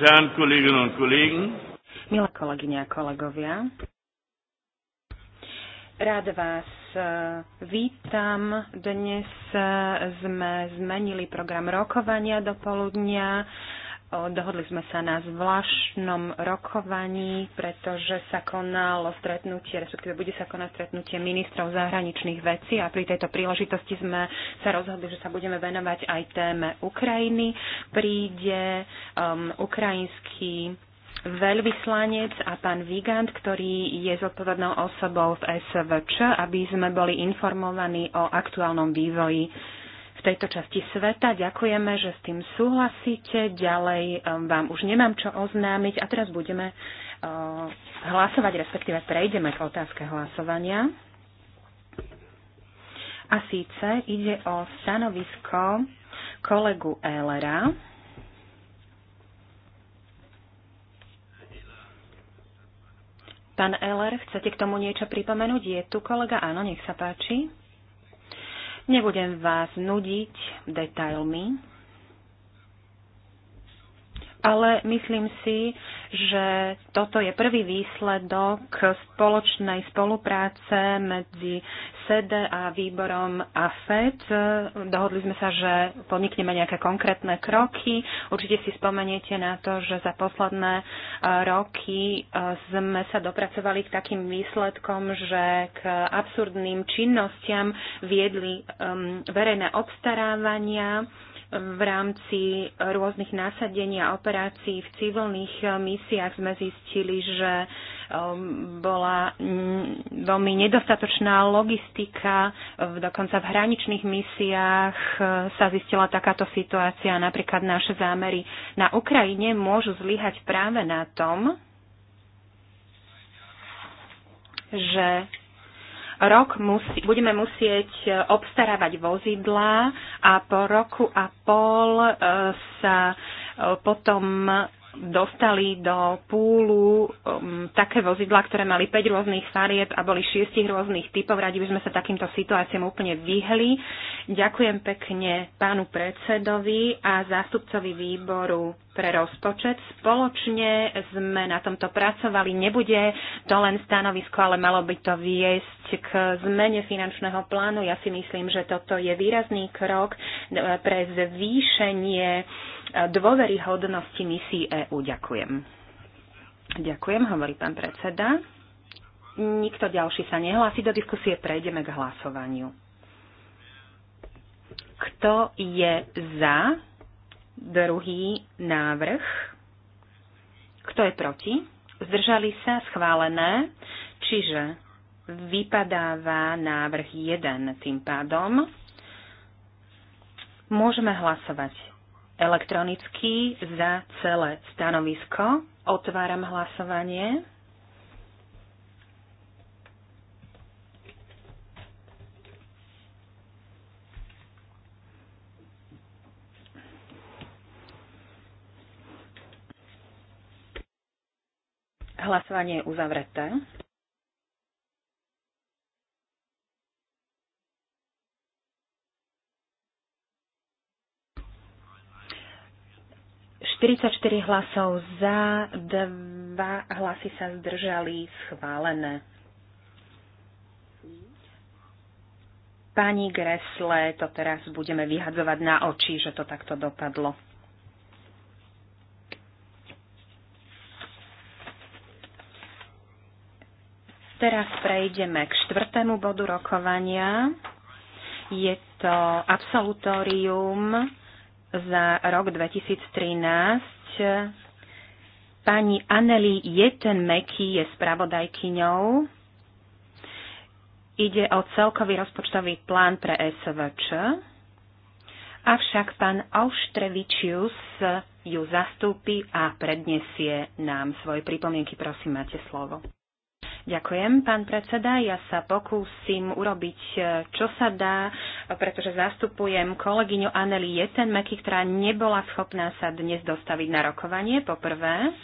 Herren Kolleginnen und Kollegen. Milé kolegyne a kolegovia, rád vás eh, vítam. Dnes eh, sme zmenili program rokovania do poludnia Dohodli sme sa na zvláštnom rokovaní, pretože sa konalo stretnutie, respektíve bude sa konať stretnutie ministrov zahraničných vecí a pri tejto príležitosti sme sa rozhodli, že sa budeme venovať aj téme Ukrajiny. Príde um, ukrajinský veľvyslanec a pán Vigant, ktorý je zodpovednou osobou v SVČ, aby sme boli informovaní o aktuálnom vývoji tejto časti sveta. Ďakujeme, že s tým súhlasíte. Ďalej eh, vám už nemám čo oznámiť a teraz budeme eh, hlasovať, respektíve prejdeme k otázke hlasovania. A síce ide o stanovisko kolegu Ehlera. Pán Eller, chcete k tomu niečo pripomenúť? Je tu kolega? Áno, nech sa páči. Nebudem vás nudiť detailmi, ale myslím si, že toto je prvý výsledok spoločnej spolupráce medzi SEDE a výborom AFED. Dohodli sme sa, že podnikneme nejaké konkrétne kroky. Určite si spomeniete na to, že za posledné e, roky e, sme sa dopracovali k takým výsledkom, že k absurdným činnostiam viedli e, verejné obstarávania, v rámci rôznych násadení a operácií v civilných eh, misiách sme zistili, že ehm, bola mm, veľmi nedostatočná logistika, dokonca v hraničných misiách eh, sa zistila takáto situácia. Napríklad naše zámery na Ukrajine môžu zlyhať práve na tom, že rok musí, budeme musieť e, obstarávať vozidlá a po roku a pol e, sa e, potom dostali do púlu um, také vozidla, ktoré mali 5 rôznych farieb a boli 6 rôznych typov. Radi by sme sa takýmto situáciám úplne vyhli. Ďakujem pekne pánu predsedovi a zástupcovi výboru pre rozpočet. Spoločne sme na tomto pracovali. Nebude to len stanovisko, ale malo by to viesť k zmene finančného plánu. Ja si myslím, že toto je výrazný krok pre zvýšenie dôveryhodnosti misií EÚ. Ďakujem. Ďakujem, hovorí pán predseda. Nikto ďalší sa nehlási do diskusie, prejdeme k hlasovaniu. Kto je za Druhý návrh. Kto je proti? Zdržali sa schválené, čiže vypadáva návrh 1 tým pádom. Môžeme hlasovať elektronicky za celé stanovisko. Otváram hlasovanie. Hlasovanie je uzavreté. Štyridsaťštyri hlasov za, dva hlasy sa zdržali, schválené. Pani Gresle, to teraz budeme vyhadzovať na oči, že to takto dopadlo. Teraz prejdeme k štvrtému bodu rokovania. Je to absolutórium za rok 2013. Pani Anneli Jeten-Meky je spravodajkyňou. Ide o celkový rozpočtový plán pre SVČ. Avšak pán Auštrevičius ju zastúpi a predniesie nám svoje pripomienky. Prosím, máte slovo. Ďakujem, pán predseda. Ja sa pokúsim urobiť, e, čo sa dá, pretože zastupujem kolegyňu Anneli Jetenmeky, ktorá nebola schopná sa dnes dostaviť na rokovanie, poprvé.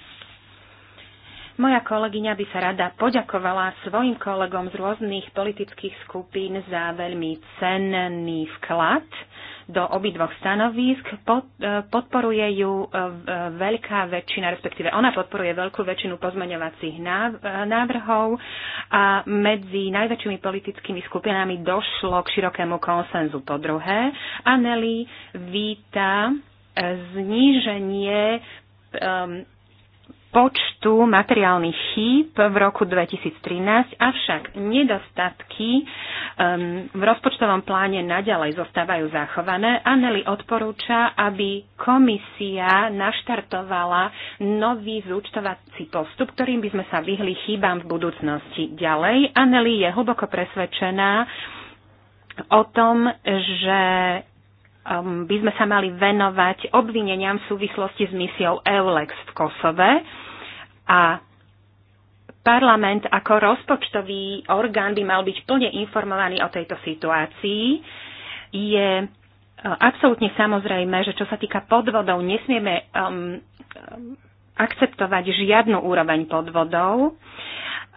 Moja kolegyňa by sa rada poďakovala svojim kolegom z rôznych politických skupín za veľmi cenný vklad do obidvoch stanovísk. Pod, e, podporuje ju e, e, veľká väčšina, respektíve ona podporuje veľkú väčšinu pozmeňovacích návrhov a medzi najväčšími politickými skupinami došlo k širokému konsenzu. Po druhé, Anneli víta zníženie um, počtu materiálnych chýb v roku 2013, avšak nedostatky um, v rozpočtovom pláne naďalej zostávajú zachované. Aneli odporúča, aby komisia naštartovala nový zúčtovací postup, ktorým by sme sa vyhli chýbam v budúcnosti. Ďalej, Aneli je hlboko presvedčená o tom, že Ehm, by sme sa mali venovať obvineniam v súvislosti s misiou EULEX v Kosove a parlament ako rozpočtový orgán by mal byť plne informovaný o tejto situácii. Je ehm, absolútne samozrejme, že čo sa týka podvodov, nesmieme um, akceptovať žiadnu úroveň podvodov.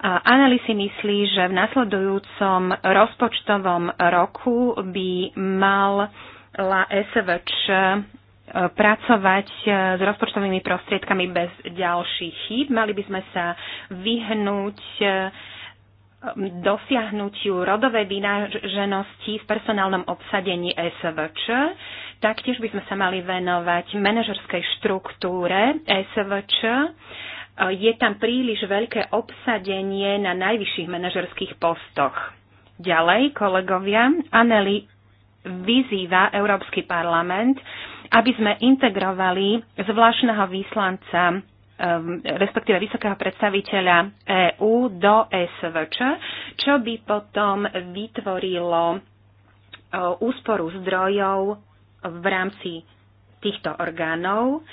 Anali si myslí, že v nasledujúcom rozpočtovom roku by mal la SVČ e, pracovať e, s rozpočtovými prostriedkami bez ďalších chýb. Mali by sme sa vyhnúť e, dosiahnutiu rodovej vynáženosti v personálnom obsadení SVČ. Taktiež by sme sa mali venovať manažerskej štruktúre SVČ. Je tam príliš veľké obsadenie na najvyšších manažerských postoch. Ďalej, kolegovia, vyzýva Európsky parlament, aby sme integrovali zvláštneho výslanca respektíve vysokého predstaviteľa EÚ do SVČ, čo by potom vytvorilo úsporu zdrojov v rámci týchto orgánov.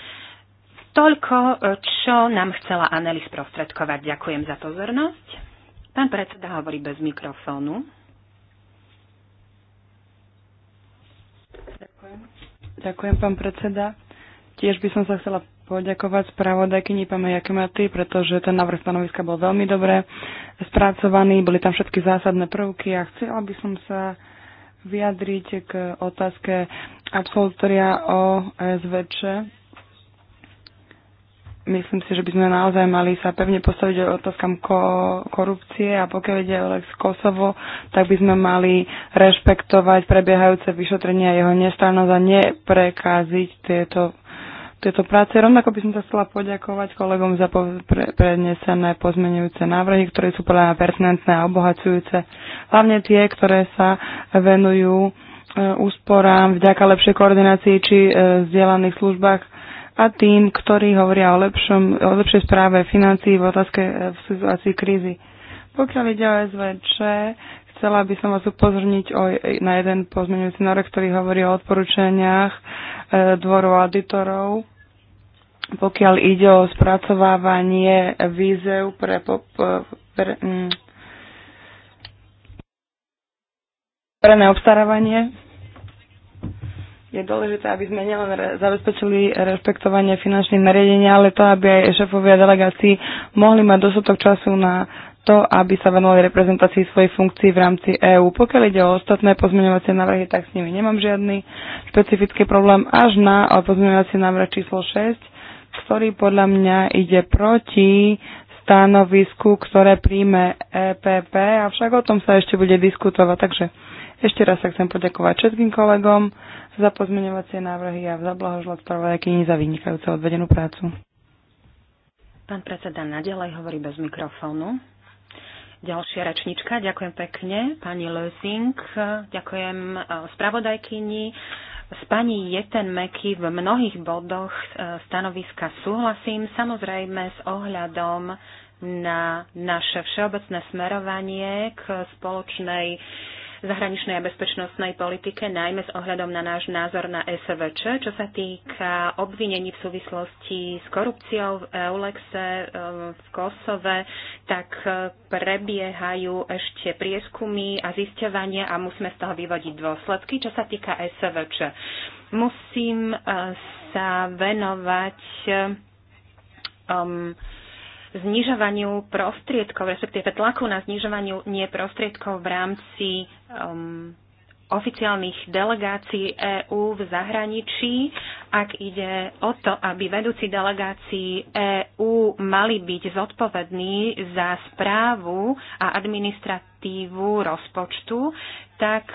Toľko, eh, čo nám chcela Anneli sprostredkovať. Ďakujem za pozornosť. Pán predseda hovorí bez mikrofónu. Ďakujem, pán predseda. Tiež by som sa chcela poďakovať spravodajkyni Pame Jakimaty, pretože ten návrh stanoviska bol veľmi dobre spracovaný, boli tam všetky zásadné prvky a chcela by som sa vyjadriť k otázke absolutoria o SVČ myslím si, že by sme naozaj mali sa pevne postaviť o otázkam ko- korupcie a pokiaľ ide o Lex Kosovo, tak by sme mali rešpektovať prebiehajúce vyšetrenia jeho nestrannosť a neprekáziť tieto tieto práce. Rovnako by som sa chcela poďakovať kolegom za po, pre, prednesené pozmenujúce návrhy, ktoré sú podľa mňa pertinentné a obohacujúce. Hlavne tie, ktoré sa venujú e, úsporám vďaka lepšej koordinácii či e, zdieľaných službách a tým, ktorí hovoria o, lepšom, o lepšej správe financií v otázke e, v situácii krízy. Pokiaľ ide o SVČ, chcela by som vás upozorniť o, e, na jeden pozmeňujúci návrh, ktorý hovorí o odporúčaniach e, dvoru auditorov, pokiaľ ide o spracovávanie vízev pre, po, pre, mm, pre neobstarávanie je dôležité, aby sme nielen re- zabezpečili rešpektovanie finančných nariadenia, ale to, aby aj šefovia delegácií mohli mať dostatok času na to, aby sa venovali reprezentácii svojej funkcií v rámci EÚ. Pokiaľ ide o ostatné pozmeňovacie návrhy, tak s nimi nemám žiadny špecifický problém až na pozmeňovací návrh číslo 6, ktorý podľa mňa ide proti stanovisku, ktoré príjme EPP, avšak o tom sa ešte bude diskutovať. Takže ešte raz sa chcem poďakovať všetkým kolegom za pozmeňovacie návrhy a za zablahožľať spravodajkyni za vynikajúcu odvedenú prácu. Pán predseda nadalej hovorí bez mikrofónu. Ďalšia rečnička, ďakujem pekne, pani Lösing, ďakujem e, spravodajkyni. S pani Jeten Meky v mnohých bodoch e, stanoviska súhlasím, samozrejme s ohľadom na naše všeobecné smerovanie k spoločnej zahraničnej a bezpečnostnej politike, najmä s ohľadom na náš názor na SVČ, čo sa týka obvinení v súvislosti s korupciou v Eulexe e, v Kosove, tak e, prebiehajú ešte prieskumy a zisťovania a musíme z toho vyvodiť dôsledky, čo sa týka SVČ. Musím e, sa venovať um, znižovaniu prostriedkov, respektíve tlaku na znižovaniu nie prostriedkov v rámci um, oficiálnych delegácií EÚ v zahraničí, ak ide o to, aby vedúci delegácií EÚ mali byť zodpovední za správu a administratívu rozpočtu, tak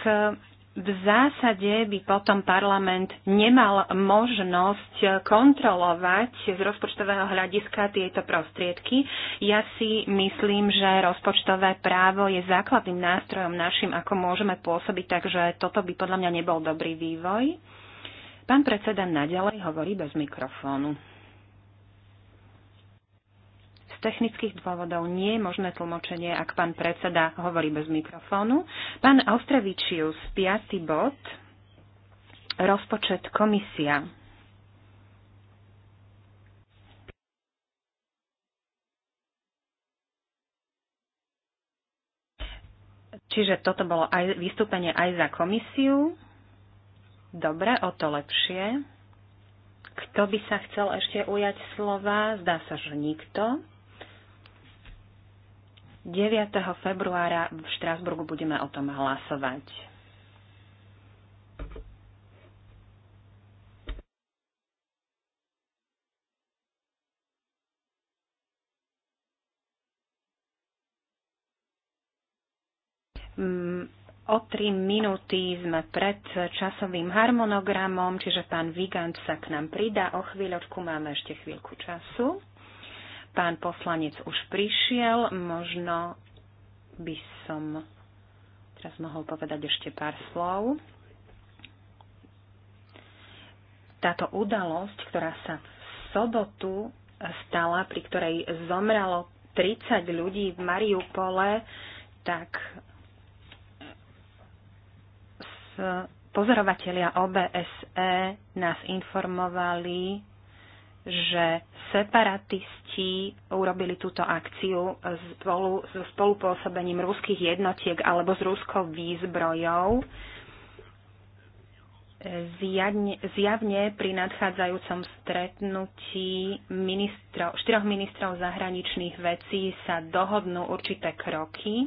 v zásade by potom parlament nemal možnosť kontrolovať z rozpočtového hľadiska tieto prostriedky. Ja si myslím, že rozpočtové právo je základným nástrojom našim, ako môžeme pôsobiť, takže toto by podľa mňa nebol dobrý vývoj. Pán predseda naďalej hovorí bez mikrofónu technických dôvodov nie je možné tlmočenie, ak pán predseda hovorí bez mikrofónu. Pán Austrevičius, 5. bod, rozpočet komisia. Čiže toto bolo aj vystúpenie aj za komisiu. Dobre, o to lepšie. Kto by sa chcel ešte ujať slova? Zdá sa, že nikto. 9. februára v Štrásburgu budeme o tom hlasovať. Mm, o tri minúty sme pred časovým harmonogramom, čiže pán Vigant sa k nám pridá. O chvíľočku máme ešte chvíľku času. Pán poslanec už prišiel, možno by som teraz mohol povedať ešte pár slov. Táto udalosť, ktorá sa v sobotu stala, pri ktorej zomralo 30 ľudí v Mariupole, tak pozorovatelia OBSE nás informovali že separatisti urobili túto akciu spolu, so spolupôsobením ruských jednotiek alebo s ruskou výzbrojou. Zjavne, zjavne pri nadchádzajúcom stretnutí ministro, štyroch ministrov zahraničných vecí sa dohodnú určité kroky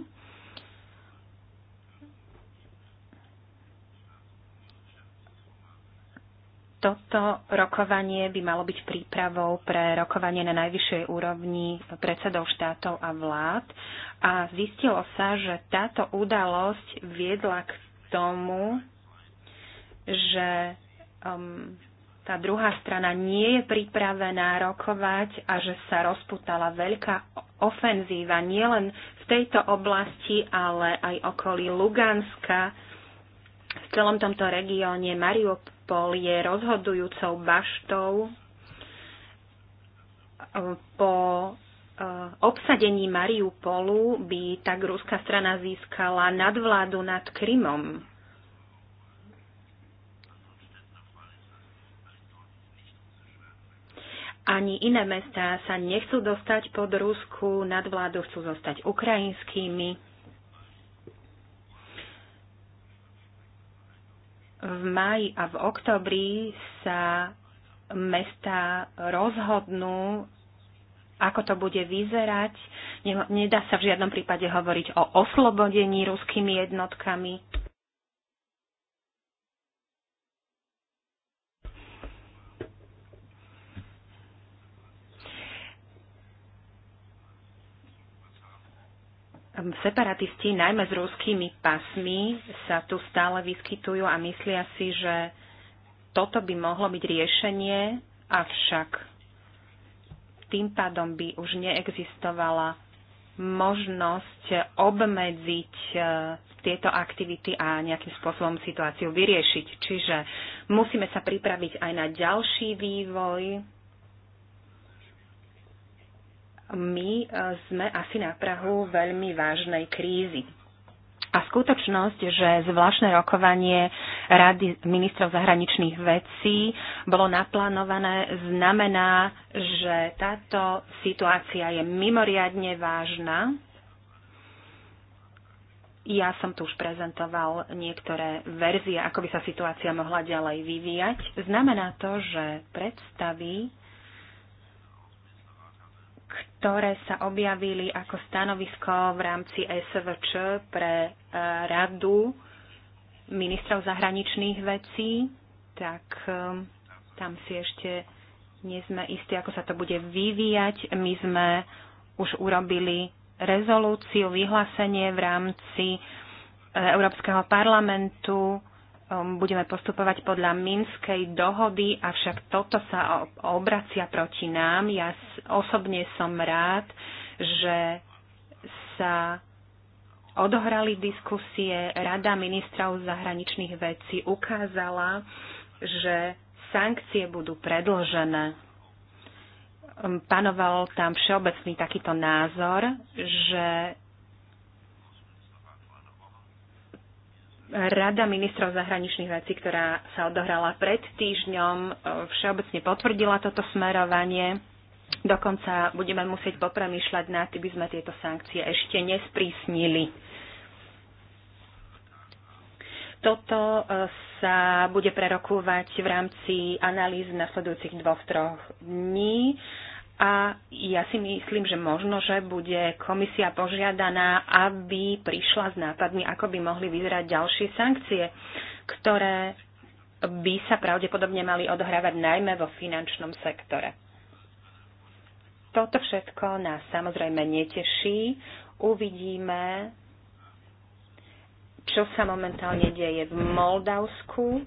toto rokovanie by malo byť prípravou pre rokovanie na najvyššej úrovni predsedov štátov a vlád a zistilo sa, že táto udalosť viedla k tomu, že um, tá druhá strana nie je pripravená rokovať a že sa rozputala veľká ofenzíva nielen v tejto oblasti, ale aj okolí Luganska, v celom tomto regióne Mariupol Pol je rozhodujúcou baštou eh, po eh, obsadení Mariupolu by tak ruská strana získala nadvládu nad Krymom. Ani iné mesta sa nechcú dostať pod Rusku nadvládu, chcú zostať ukrajinskými. v maji a v oktobri sa mesta rozhodnú, ako to bude vyzerať. Nedá sa v žiadnom prípade hovoriť o oslobodení ruskými jednotkami. separatisti, najmä s rúskými pasmi, sa tu stále vyskytujú a myslia si, že toto by mohlo byť riešenie, avšak tým pádom by už neexistovala možnosť obmedziť e, tieto aktivity a nejakým spôsobom situáciu vyriešiť. Čiže musíme sa pripraviť aj na ďalší vývoj, my e, sme asi na Prahu veľmi vážnej krízy. A skutočnosť, že zvláštne rokovanie Rady ministrov zahraničných vecí bolo naplánované, znamená, že táto situácia je mimoriadne vážna. Ja som tu už prezentoval niektoré verzie, ako by sa situácia mohla ďalej vyvíjať. Znamená to, že predstavy ktoré sa objavili ako stanovisko v rámci SVČ pre e, radu ministrov zahraničných vecí, tak e, tam si ešte nie sme istí, ako sa to bude vyvíjať. My sme už urobili rezolúciu, vyhlásenie v rámci e, Európskeho parlamentu Um, budeme postupovať podľa Minskej dohody, avšak toto sa obracia proti nám. Ja osobne som rád, že sa odohrali diskusie. Rada ministrov zahraničných vecí ukázala, že sankcie budú predložené. Um, panoval tam všeobecný takýto názor, že Rada ministrov zahraničných vecí, ktorá sa odohrala pred týždňom, e, všeobecne potvrdila toto smerovanie. Dokonca budeme musieť popremýšľať nad, aby sme tieto sankcie ešte nesprísnili. Toto e, sa bude prerokovať v rámci analýz nasledujúcich dvoch, troch dní. A ja si myslím, že možno, že bude komisia požiadaná, aby prišla s nápadmi, ako by mohli vyzerať ďalšie sankcie, ktoré by sa pravdepodobne mali odohrávať najmä vo finančnom sektore. Toto všetko nás samozrejme neteší. Uvidíme, čo sa momentálne deje v Moldavsku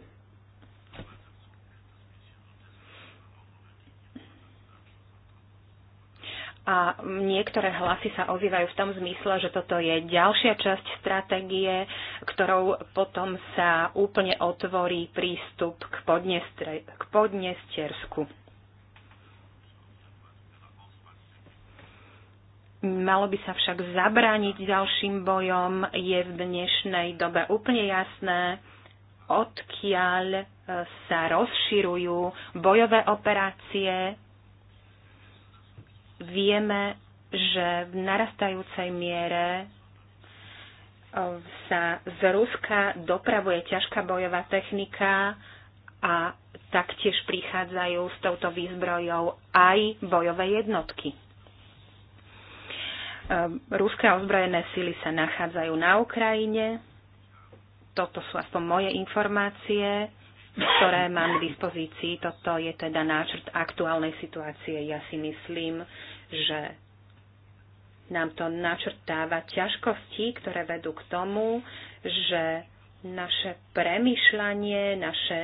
a niektoré hlasy sa ozývajú v tom zmysle, že toto je ďalšia časť stratégie, ktorou potom sa úplne otvorí prístup k, podnestre, k podnestiersku. Malo by sa však zabrániť ďalším bojom. Je v dnešnej dobe úplne jasné, odkiaľ e, sa rozširujú bojové operácie vieme, že v narastajúcej miere e, sa z Ruska dopravuje ťažká bojová technika a taktiež prichádzajú s touto výzbrojou aj bojové jednotky. E, ruské ozbrojené sily sa nachádzajú na Ukrajine. Toto sú aspoň moje informácie, ktoré mám k dispozícii. Toto je teda náčrt aktuálnej situácie. Ja si myslím, že nám to načrtáva ťažkosti, ktoré vedú k tomu, že naše premyšľanie, naše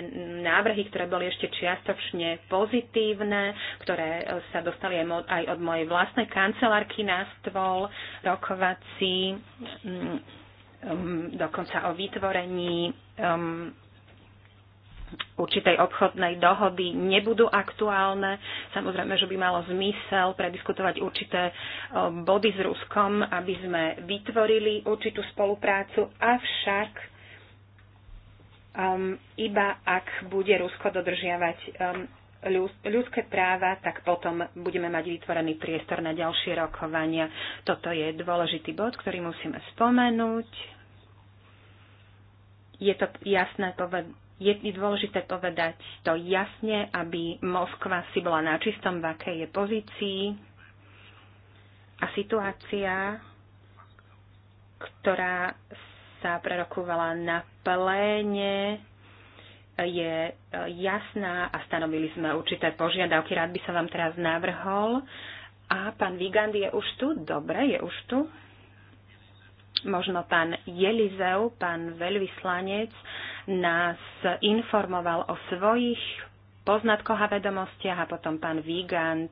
návrhy, ktoré boli ešte čiastočne pozitívne, ktoré e, sa dostali aj od mojej vlastnej kancelárky na stôl rokovací, mm, mm, dokonca o vytvorení um, určitej obchodnej dohody nebudú aktuálne. Samozrejme, že by malo zmysel prediskutovať určité e, body s Ruskom, aby sme vytvorili určitú spoluprácu, avšak um, iba ak bude Rusko dodržiavať um, ľudské práva, tak potom budeme mať vytvorený priestor na ďalšie rokovania. Toto je dôležitý bod, ktorý musíme spomenúť. Je to jasné povedať je dôležité povedať to jasne, aby Moskva si bola na čistom, v akej je pozícii. A situácia, ktorá sa prerokovala na pléne, je eh, jasná a stanovili sme určité požiadavky. Rád by som vám teraz navrhol. A pán Vigand je už tu? Dobre, je už tu. Možno pán Jelizeu, pán veľvyslanec, nás informoval o svojich poznatkoch a vedomostiach a potom pán Vigant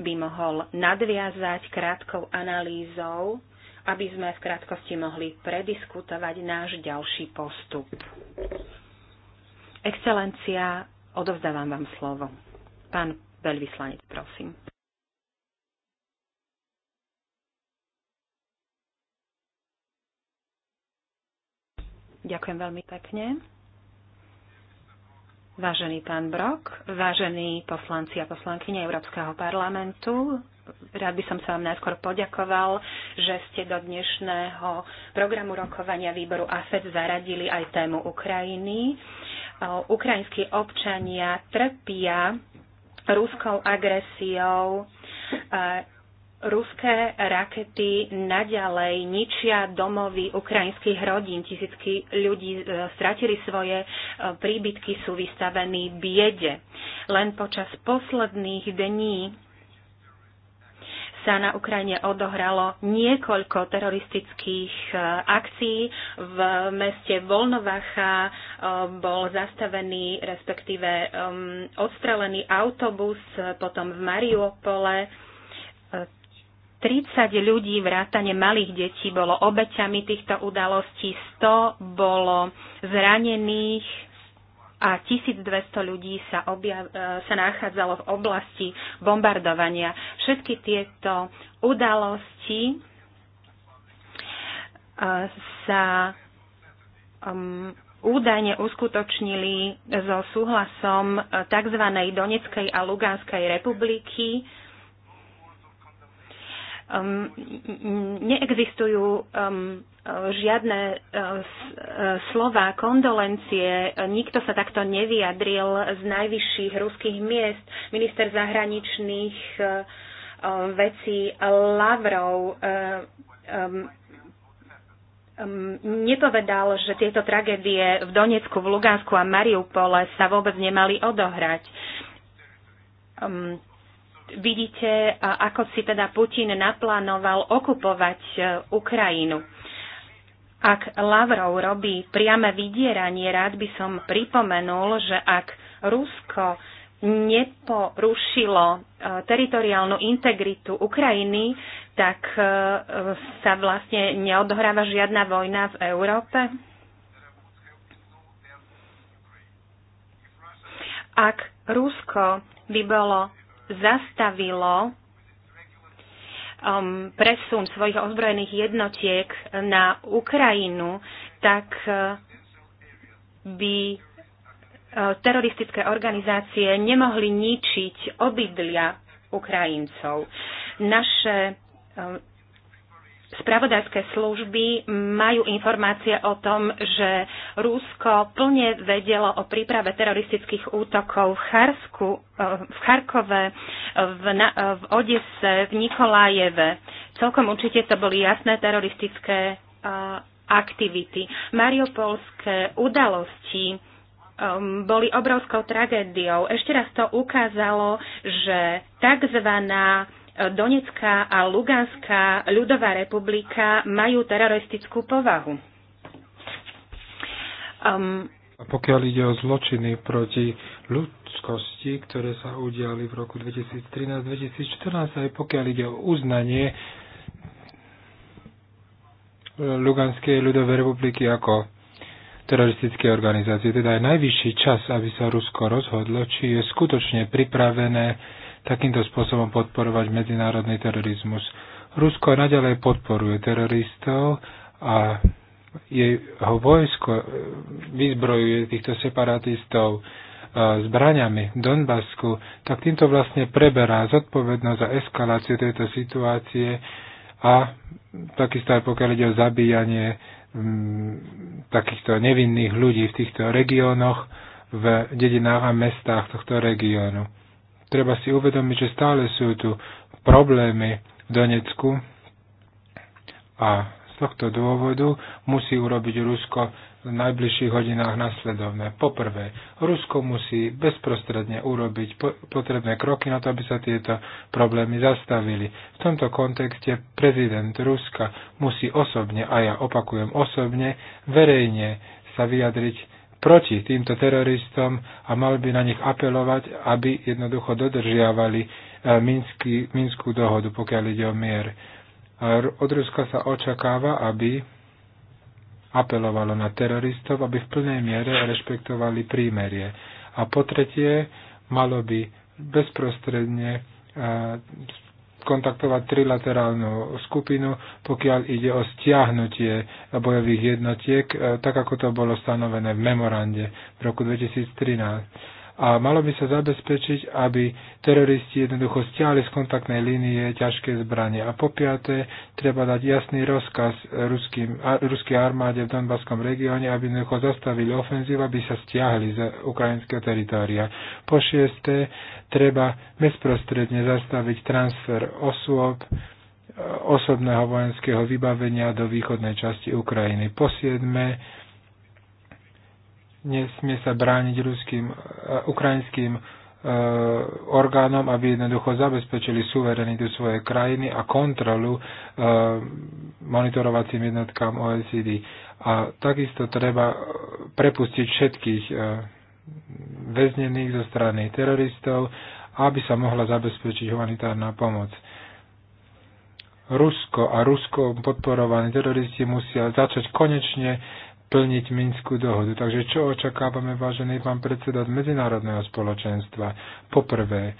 by mohol nadviazať krátkou analýzou, aby sme v krátkosti mohli prediskutovať náš ďalší postup. Excelencia, odovzdávam vám slovo. Pán veľvyslanec, prosím. Ďakujem veľmi pekne. Vážený pán Brok, vážení poslanci a poslankyne Európskeho parlamentu, rád by som sa vám najskôr poďakoval, že ste do dnešného programu rokovania výboru AFED zaradili aj tému Ukrajiny. Ukrajinskí občania trpia ruskou agresiou ruské rakety naďalej ničia domovy ukrajinských rodín. Tisícky ľudí e, stratili svoje e, príbytky, sú vystavení biede. Len počas posledných dní sa na Ukrajine odohralo niekoľko teroristických e, akcií. V meste Volnovacha bol zastavený, respektíve odstrelený autobus, potom v Mariupole 30 ľudí vrátane malých detí bolo obeťami týchto udalostí, 100 bolo zranených a 1200 ľudí sa, objav, e, sa nachádzalo v oblasti bombardovania. Všetky tieto udalosti e, sa um, údajne uskutočnili so súhlasom e, tzv. Doneckej a Luganskej republiky um, neexistujú um, žiadne uh, slova, kondolencie, nikto sa takto nevyjadril z najvyšších ruských miest. Minister zahraničných uh, vecí Lavrov uh, um, um, nepovedal, že tieto tragédie v Donecku, v Lugansku a Mariupole sa vôbec nemali odohrať. Um, vidíte, ako si teda Putin naplánoval okupovať e, Ukrajinu. Ak Lavrov robí priame vydieranie, rád by som pripomenul, že ak Rusko neporušilo e, teritoriálnu integritu Ukrajiny, tak e, sa vlastne neodohráva žiadna vojna v Európe. Ak Rusko by bolo zastavilo um, presun svojich ozbrojených jednotiek na Ukrajinu, tak uh, by uh, teroristické organizácie nemohli ničiť obydlia Ukrajincov. Naše um, spravodajské služby majú informácie o tom, že Rusko plne vedelo o príprave teroristických útokov v Charsku, eh, v Charkove, v, na, v Odese, v Nikolajeve. Celkom určite to boli jasné teroristické eh, aktivity. Mariopolské udalosti um, boli obrovskou tragédiou. Ešte raz to ukázalo, že takzvaná E, Donetská a Luganská ľudová republika majú teroristickú povahu. Um, pokiaľ ide o zločiny proti ľudskosti, ktoré sa udiali v roku 2013-2014, aj pokiaľ ide o uznanie e, Luganskej ľudovej republiky ako teroristické organizácie. Teda je najvyšší čas, aby sa Rusko rozhodlo, či je skutočne pripravené takýmto spôsobom podporovať medzinárodný terorizmus. Rusko naďalej podporuje teroristov a jeho vojsko e, vyzbrojuje týchto separatistov e, zbraňami v Donbasku, tak týmto vlastne preberá zodpovednosť za eskaláciu tejto situácie a takisto aj pokiaľ ide o zabíjanie m, takýchto nevinných ľudí v týchto regiónoch, v dedinách a mestách tohto regiónu treba si uvedomiť, že stále sú tu problémy v Donecku a z tohto dôvodu musí urobiť Rusko v najbližších hodinách nasledovné. Poprvé, Rusko musí bezprostredne urobiť potrebné kroky na to, aby sa tieto problémy zastavili. V tomto kontexte prezident Ruska musí osobne, a ja opakujem osobne, verejne sa vyjadriť proti týmto teroristom a mal by na nich apelovať, aby jednoducho dodržiavali e, Minsky, Minskú dohodu, pokiaľ ide o mier. A od Ruska sa očakáva, aby apelovalo na teroristov, aby v plnej miere rešpektovali prímerie. A po tretie, malo by bezprostredne e, skontaktovať trilaterálnu skupinu, pokiaľ ide o stiahnutie bojových jednotiek, eh, tak ako to bolo stanovené v memorande v roku 2013 a malo by sa zabezpečiť, aby teroristi jednoducho stiahli z kontaktnej línie ťažké zbranie. A po piaté, treba dať jasný rozkaz ruským, a, ruskej armáde v Donbaskom regióne, aby jednoducho zastavili ofenzívu, aby sa stiahli z ukrajinského teritória. Po šiesté, treba bezprostredne zastaviť transfer osôb, e, osobného vojenského vybavenia do východnej časti Ukrajiny. Po siedme, nesmie sa brániť ruským, e, ukrajinským e, orgánom, aby jednoducho zabezpečili suverenitu svojej krajiny a kontrolu e, monitorovacím jednotkám OECD. A takisto treba prepustiť všetkých väznených zo strany teroristov, aby sa mohla zabezpečiť humanitárna pomoc. Rusko a Rusko podporovaní teroristi musia začať konečne plniť Minskú dohodu. Takže čo očakávame, vážený pán predseda, od medzinárodného spoločenstva? Poprvé,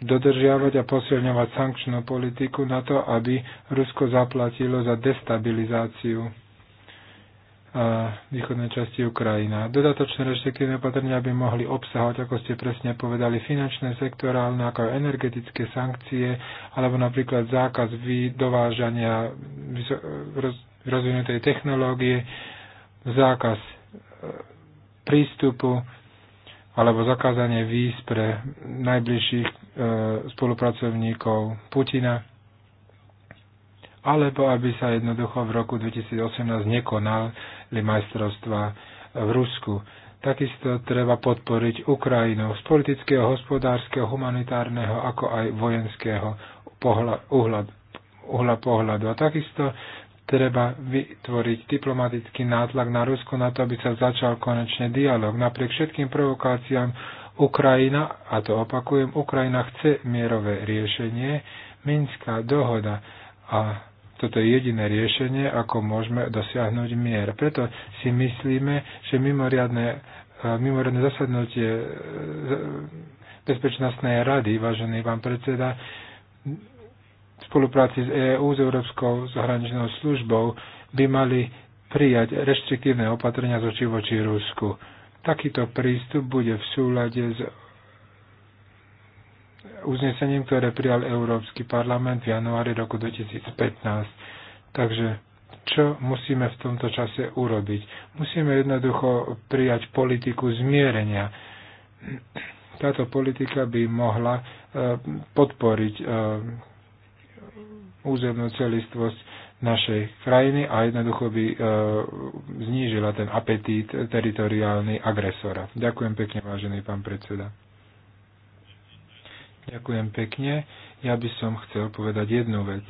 dodržiavať a posilňovať sankčnú politiku na to, aby Rusko zaplatilo za destabilizáciu a východnej časti Ukrajina. Dodatočné reštriktívne opatrenia by mohli obsahovať, ako ste presne povedali, finančné, sektorálne, ako aj energetické sankcie, alebo napríklad zákaz dovážania rozvinutej technológie, zákaz e, prístupu alebo zakázanie víz pre najbližších e, spolupracovníkov Putina, alebo aby sa jednoducho v roku 2018 nekonali majstrovstva e, v Rusku. Takisto treba podporiť Ukrajinu z politického, hospodárskeho, humanitárneho, ako aj vojenského uhla pohľadu. A takisto treba vytvoriť diplomatický nátlak na Rusko na to, aby sa začal konečne dialog. Napriek všetkým provokáciám Ukrajina, a to opakujem, Ukrajina chce mierové riešenie, Minská dohoda a toto je jediné riešenie, ako môžeme dosiahnuť mier. Preto si myslíme, že mimoriadne, e, mimoriadne zasadnutie e, Bezpečnostnej rady, vážený pán predseda, spolupráci s EÚ, EU, s Európskou zahraničnou službou, by mali prijať reštriktívne opatrenia z voči Rusku. Takýto prístup bude v súlade s uznesením, ktoré prijal Európsky parlament v januári roku 2015. Takže čo musíme v tomto čase urobiť? Musíme jednoducho prijať politiku zmierenia. Táto politika by mohla eh, podporiť eh, územnú celistvosť našej krajiny a jednoducho by e, znížila ten apetít teritoriálny agresora. Ďakujem pekne, vážený pán predseda. Ďakujem pekne. Ja by som chcel povedať jednu vec.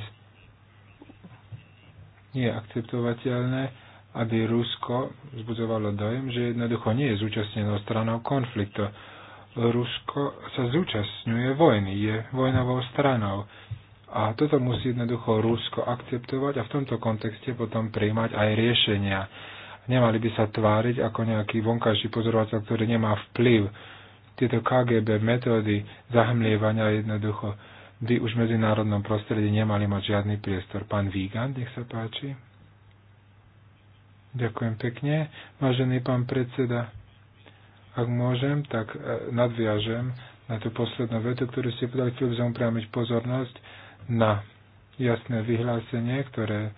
Nie je akceptovateľné, aby Rusko vzbudzovalo dojem, že jednoducho nie je zúčastnenou stranou konfliktu. Rusko sa zúčastňuje vojny, je vojnovou stranou. A toto musí jednoducho Rusko akceptovať a v tomto kontexte potom príjmať aj riešenia. Nemali by sa tváriť ako nejaký vonkajší pozorovateľ, ktorý nemá vplyv. Tieto KGB metódy zahmlievania jednoducho by už v medzinárodnom prostredí nemali mať žiadny priestor. Pán Vígan, nech sa páči. Ďakujem pekne. Vážený pán predseda, ak môžem, tak eh, nadviažem na tú poslednú vetu, ktorú ste podali, chcel by som upriamiť pozornosť na jasné vyhlásenie, ktoré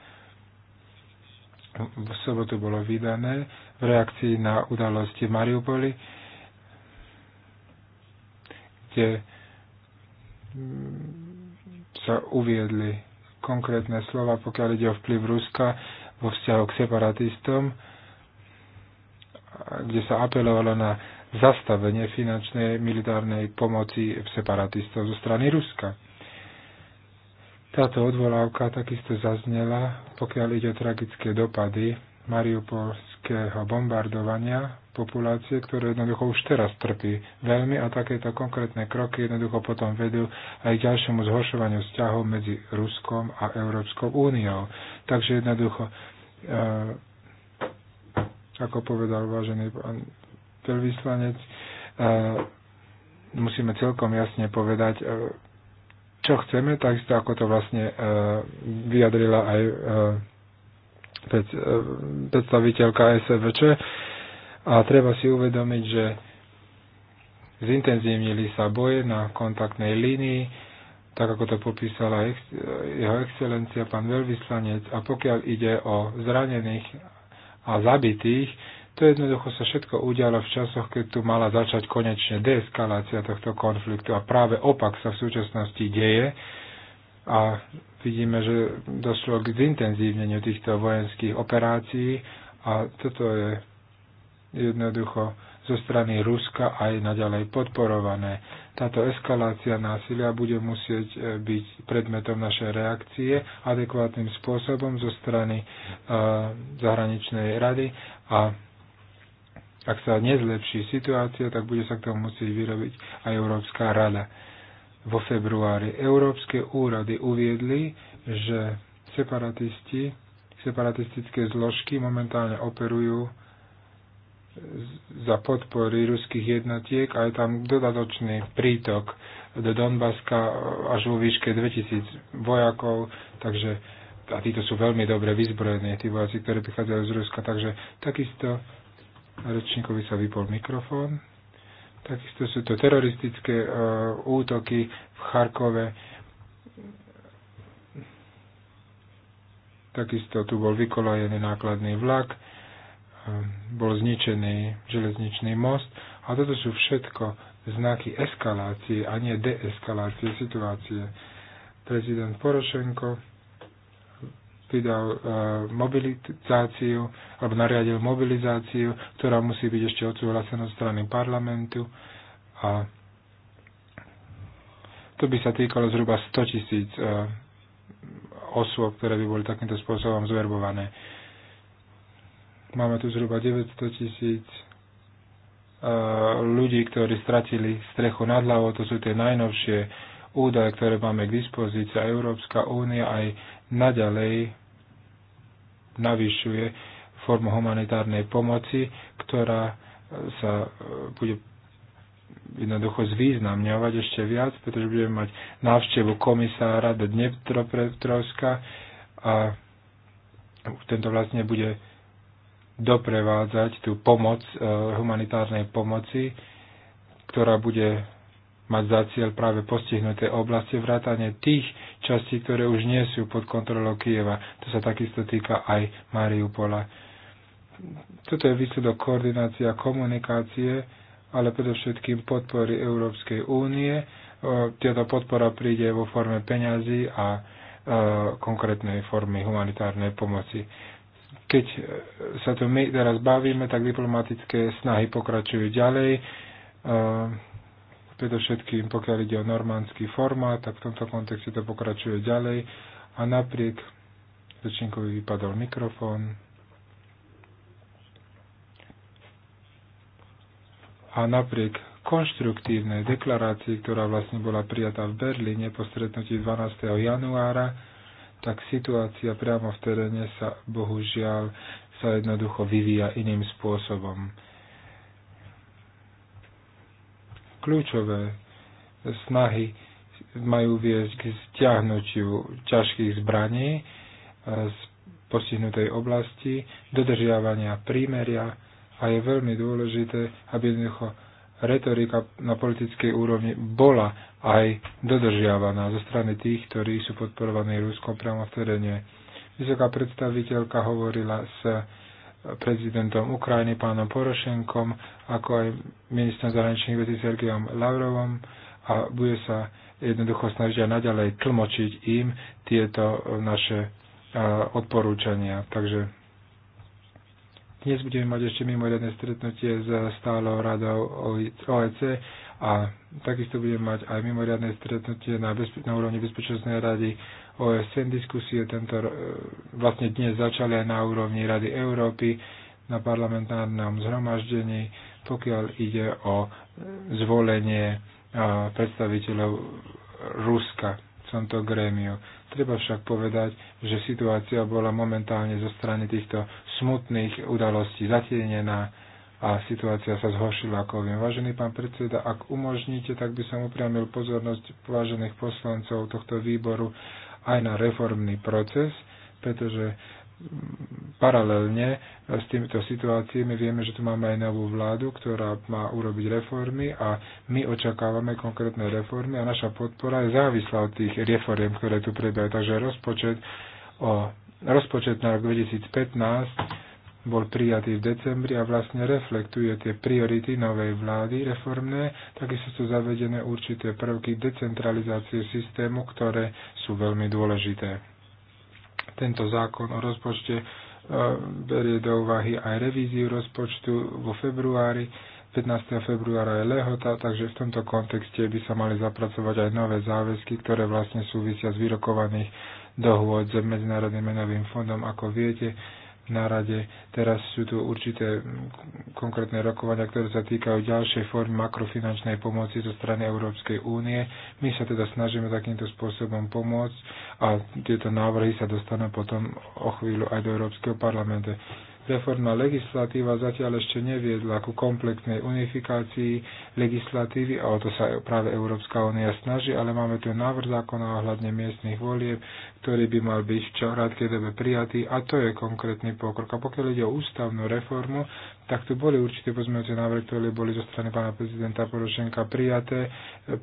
v sobotu bolo vydané v reakcii na udalosti Mariupoli, kde sa uviedli konkrétne slova, pokiaľ ide o vplyv Ruska vo vzťahu k separatistom, kde sa apelovalo na zastavenie finančnej militárnej pomoci separatistov zo strany Ruska. Táto odvolávka takisto zaznela, pokiaľ ide o tragické dopady mariupolského bombardovania populácie, ktoré jednoducho už teraz trpí veľmi a takéto konkrétne kroky jednoducho potom vedú aj k ďalšiemu zhoršovaniu vzťahov medzi Ruskom a Európskou úniou. Takže jednoducho, e, ako povedal vážený pán veľvyslanec, e, musíme celkom jasne povedať, e, čo chceme, takisto ako to vlastne e, vyjadrila aj e, pred, e, predstaviteľka SVČ. A treba si uvedomiť, že zintenzívnili sa boje na kontaktnej línii, tak ako to popísala ex, jeho excelencia, pán veľvyslanec. A pokiaľ ide o zranených a zabitých, to jednoducho sa všetko udialo v časoch, keď tu mala začať konečne deeskalácia tohto konfliktu a práve opak sa v súčasnosti deje a vidíme, že došlo k zintenzívneniu týchto vojenských operácií a toto je jednoducho zo strany Ruska aj naďalej podporované. Táto eskalácia násilia bude musieť e, byť predmetom našej reakcie adekvátnym spôsobom zo strany uh, zahraničnej rady a ak sa nezlepší situácia, tak bude sa k tomu musieť vyrobiť aj Európska rada. Vo februári európske úrady uviedli, že separatisti, separatistické zložky momentálne operujú za podpory ruských jednotiek a je tam dodatočný prítok do Donbaska až vo výške 2000 vojakov, takže a títo sú veľmi dobre vyzbrojení, tí vojaci, ktorí prichádzajú z Ruska, takže takisto Rečníkovi sa vypol mikrofón. Takisto sú to teroristické e, útoky v Charkove. Takisto tu bol vykolajený nákladný vlak, e, bol zničený železničný most a toto sú všetko znaky eskalácie a nie deeskalácie situácie. Prezident Porošenko pridal e, mobilizáciu alebo nariadil mobilizáciu, ktorá musí byť ešte odsúhlasená zo strany parlamentu a to by sa týkalo zhruba 100 tisíc e, osôb, ktoré by boli takýmto spôsobom zverbované. Máme tu zhruba 900 tisíc e, ľudí, ktorí stratili strechu nad hlavou, to sú tie najnovšie údaje, ktoré máme k dispozícii. Európska únia aj naďalej navyšuje formu humanitárnej pomoci, ktorá e, sa e, bude jednoducho zvýznamňovať ešte viac, pretože budeme mať návštevu komisára do Dnepropetrovska a tento vlastne bude doprevádzať tú pomoc, e, humanitárnej pomoci, ktorá bude mať za cieľ práve postihnuté oblasti vrátane tých častí, ktoré už nie sú pod kontrolou Kieva. To sa takisto týka aj Mariupola. Toto je výsledok koordinácia komunikácie, ale predovšetkým podpory Európskej únie. Tieto podpora príde vo forme peňazí a e, konkrétnej formy humanitárnej pomoci keď sa tu my teraz bavíme, tak diplomatické snahy pokračujú ďalej. E, predovšetkým pokiaľ ide o normandský formát, tak v tomto kontexte to pokračuje ďalej a napriek rečníkovi vypadol mikrofón. A napriek konštruktívnej deklarácii, ktorá vlastne bola prijatá v Berlíne po stretnutí 12. januára, tak situácia priamo v teréne sa bohužiaľ sa jednoducho vyvíja iným spôsobom. Kľúčové snahy majú viesť k stiahnutiu ťažkých zbraní e, z postihnutej oblasti, dodržiavania prímeria a je veľmi dôležité, aby jednoducho retorika na politickej úrovni bola aj dodržiavaná zo strany tých, ktorí sú podporovaní Ruskom priamo v teréne. Vysoká predstaviteľka hovorila s prezidentom Ukrajiny pánom Porošenkom, ako aj ministrom zahraničných vecí Sergejom Lavrovom a bude sa jednoducho snažiť aj naďalej tlmočiť im tieto naše odporúčania. Takže dnes budeme mať ešte mimoriadne stretnutie s stálou radou OEC a takisto budeme mať aj mimoriadne stretnutie na, bezpe- na úrovni Bezpečnostnej rady OSN. Diskusie tento, e, vlastne dnes začali aj na úrovni Rady Európy na parlamentárnom zhromaždení, pokiaľ ide o e, zvolenie e, predstaviteľov Ruska v tomto grémiu. Treba však povedať, že situácia bola momentálne zo strany týchto smutných udalostí zatienená a situácia sa zhoršila, ako viem. Vážený pán predseda, ak umožníte, tak by som upriamil pozornosť vážených poslancov tohto výboru aj na reformný proces, pretože mm, paralelne s týmito situáciami vieme, že tu máme aj novú vládu, ktorá má urobiť reformy a my očakávame konkrétne reformy a naša podpora je závislá od tých reform, ktoré tu prebiehajú. Takže rozpočet, o, rozpočet na rok 2015 bol prijatý v decembri a vlastne reflektuje tie priority novej vlády reformné, takisto sú zavedené určité prvky decentralizácie systému, ktoré sú veľmi dôležité. Tento zákon o rozpočte e, berie do úvahy aj revíziu rozpočtu vo februári. 15. februára je lehota, takže v tomto kontexte by sa mali zapracovať aj nové záväzky, ktoré vlastne súvisia z vyrokovaných dohôd s Medzinárodným menovým fondom. Ako viete, na rade. Teraz sú tu určité konkrétne rokovania, ktoré sa týkajú ďalšej formy makrofinančnej pomoci zo strany Európskej únie. My sa teda snažíme takýmto spôsobom pomôcť a tieto návrhy sa dostanú potom o chvíľu aj do Európskeho parlamentu reformná legislatíva zatiaľ ešte neviedla ku komplexnej unifikácii legislatívy a o to sa práve Európska únia snaží, ale máme tu návrh zákona ohľadne miestnych volieb, ktorý by mal byť v čo dobe prijatý a to je konkrétny pokrok. A pokiaľ ide o ústavnú reformu, tak tu boli určité pozmeňujúce návrhy, ktoré boli zo strany pána prezidenta Porošenka prijaté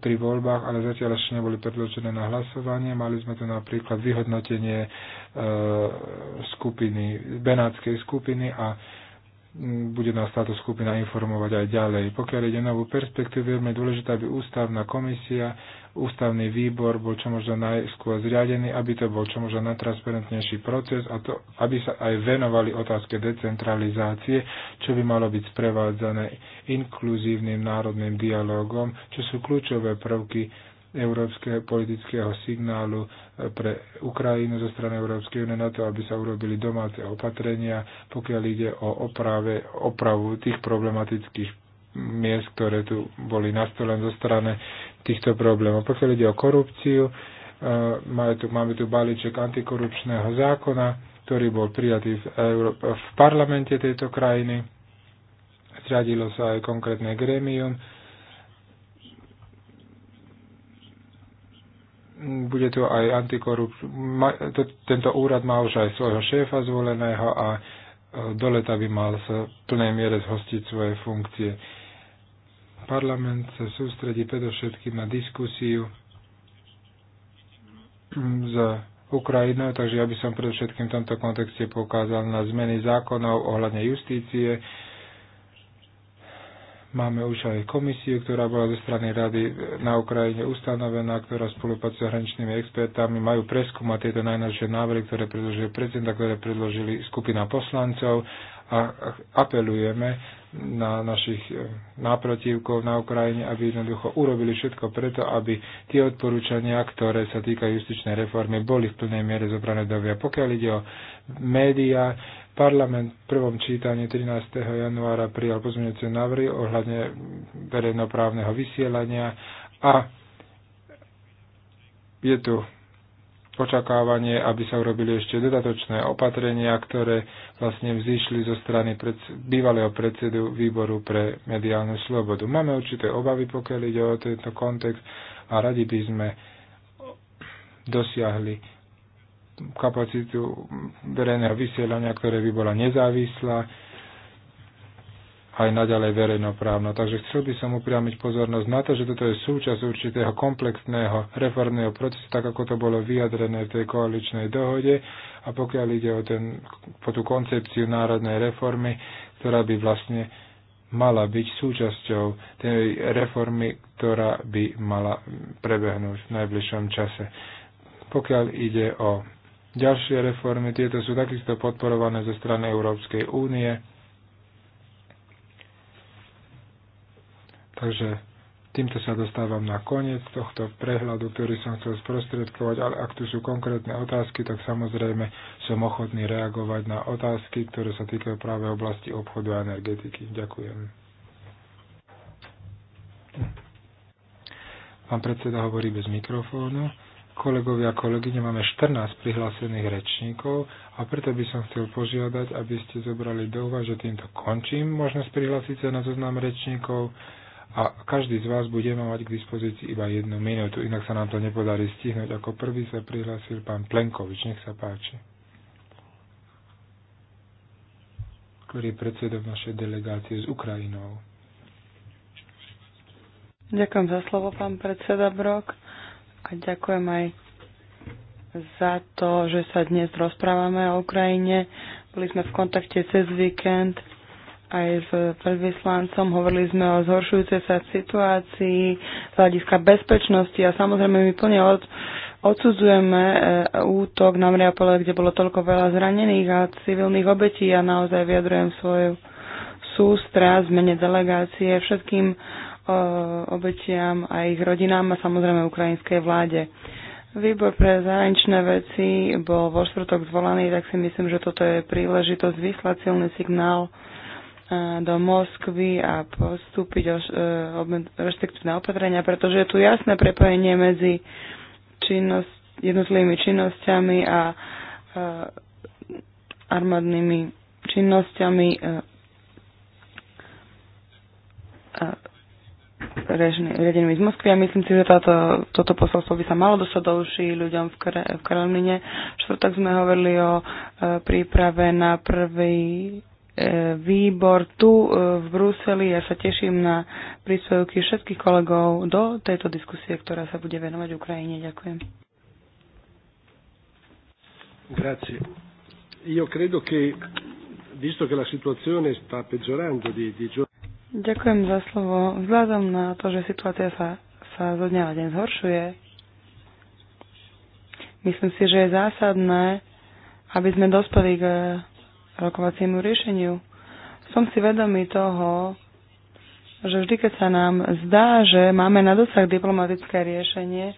pri voľbách, ale zatiaľ ešte neboli predložené na hlasovanie. Mali sme tu napríklad vyhodnotenie e, skupiny, benátskej skupiny a bude nás táto skupina informovať aj ďalej. Pokiaľ ide novú perspektívu, je veľmi dôležité, aby ústavná komisia ústavný výbor bol čo možno najskôr zriadený, aby to bol čo možno najtransparentnejší proces a to, aby sa aj venovali otázke decentralizácie, čo by malo byť sprevádzané inkluzívnym národným dialogom, čo sú kľúčové prvky európskeho politického signálu eh, pre Ukrajinu zo strany Európskej únie na to, aby sa urobili domáce opatrenia, pokiaľ ide o oprave, opravu tých problematických miest, ktoré tu boli nastolené zo strany týchto problémov. Pokiaľ ide o korupciu, máme tu, máme tu balíček antikorupčného zákona, ktorý bol prijatý v, Euró- v parlamente tejto krajiny. Zradilo sa aj konkrétne grémium. Bude tu aj antikorup... Tento úrad má už aj svojho šéfa zvoleného a e, do leta by mal sa v plnej miere zhostiť svoje funkcie parlament sa sústredí predovšetkým na diskusiu s Ukrajinou, takže ja by som predovšetkým v tomto kontexte poukázal na zmeny zákonov ohľadne justície. Máme už aj komisiu, ktorá bola zo strany rady na Ukrajine ustanovená, ktorá spolupracuje s hraničnými expertami, majú preskúmať tieto najnovšie návrhy, ktoré predložil prezident a ktoré predložili skupina poslancov a apelujeme na našich e, náprotivkov na Ukrajine, aby jednoducho urobili všetko preto, aby tie odporúčania, ktoré sa týkajú justičnej reformy, boli v plnej miere zobrané do via. Pokiaľ ide o médiá, parlament v prvom čítaní 13. januára prijal pozmeňujúce návrhy ohľadne verejnoprávneho vysielania a je tu očakávanie, aby sa urobili ešte dodatočné opatrenia, ktoré vlastne vzýšli zo strany preds- bývalého predsedu výboru pre mediálnu slobodu. Máme určité obavy, pokiaľ ide o tento kontext a radi by sme dosiahli kapacitu verejného vysielania, ktoré by bola nezávislá, aj naďalej verejnoprávno. Takže chcel by som upriamiť pozornosť na to, že toto je súčasť určitého komplexného reformného procesu, tak ako to bolo vyjadrené v tej koaličnej dohode. A pokiaľ ide o, ten, o tú koncepciu národnej reformy, ktorá by vlastne mala byť súčasťou tej reformy, ktorá by mala prebehnúť v najbližšom čase. Pokiaľ ide o ďalšie reformy, tieto sú takisto podporované zo strany Európskej únie Takže týmto sa dostávam na koniec tohto prehľadu, ktorý som chcel sprostredkovať, ale ak tu sú konkrétne otázky, tak samozrejme som ochotný reagovať na otázky, ktoré sa týkajú práve oblasti obchodu a energetiky. Ďakujem. Pán predseda hovorí bez mikrofónu. Kolegovia a kolegyne, máme 14 prihlásených rečníkov a preto by som chcel požiadať, aby ste zobrali do úvahy, že týmto končím možnosť prihlásiť sa na zoznam rečníkov a každý z vás bude mať k dispozícii iba jednu minútu, inak sa nám to nepodarí stihnúť. Ako prvý sa prihlásil pán Plenkovič, nech sa páči. ktorý je predsedom našej delegácie s Ukrajinou. Ďakujem za slovo, pán predseda Brok. A ďakujem aj za to, že sa dnes rozprávame o Ukrajine. Boli sme v kontakte cez víkend aj s veľvyslancom. Hovorili sme o zhoršujúcej sa situácii z hľadiska bezpečnosti a samozrejme my plne od, odsudzujeme e, útok na Mriapole, kde bolo toľko veľa zranených a civilných obetí a ja naozaj vyjadrujem svoju sústra zmene delegácie všetkým e, obetiam a ich rodinám a samozrejme ukrajinskej vláde. Výbor pre zahraničné veci bol vo štvrtok zvolaný, tak si myslím, že toto je príležitosť vyslať silný signál do Moskvy a postúpiť o e, reštriktívne opatrenia, pretože je tu jasné prepojenie medzi činnosť, jednotlivými činnosťami a armádnymi činnosťami e, riadenými z Moskvy a myslím si, že táto, toto posolstvo by sa malo dostať do uší ľuďom v, Kre, v Kremline. V štvrtok sme hovorili o e, príprave na prvý E, výbor tu e, v Bruseli. Ja sa teším na príspevky všetkých kolegov do tejto diskusie, ktorá sa bude venovať Ukrajine. Ďakujem. Grazie. Io credo che, visto che la situazione sta peggiorando di, di giorno... Ďakujem za slovo. Vzhľadom na to, že situácia sa, sa zo dňa na deň zhoršuje, myslím si, že je zásadné, aby sme dospeli k rokovaciemu riešeniu. Som si vedomý toho, že vždy, keď sa nám zdá, že máme na dosah diplomatické riešenie,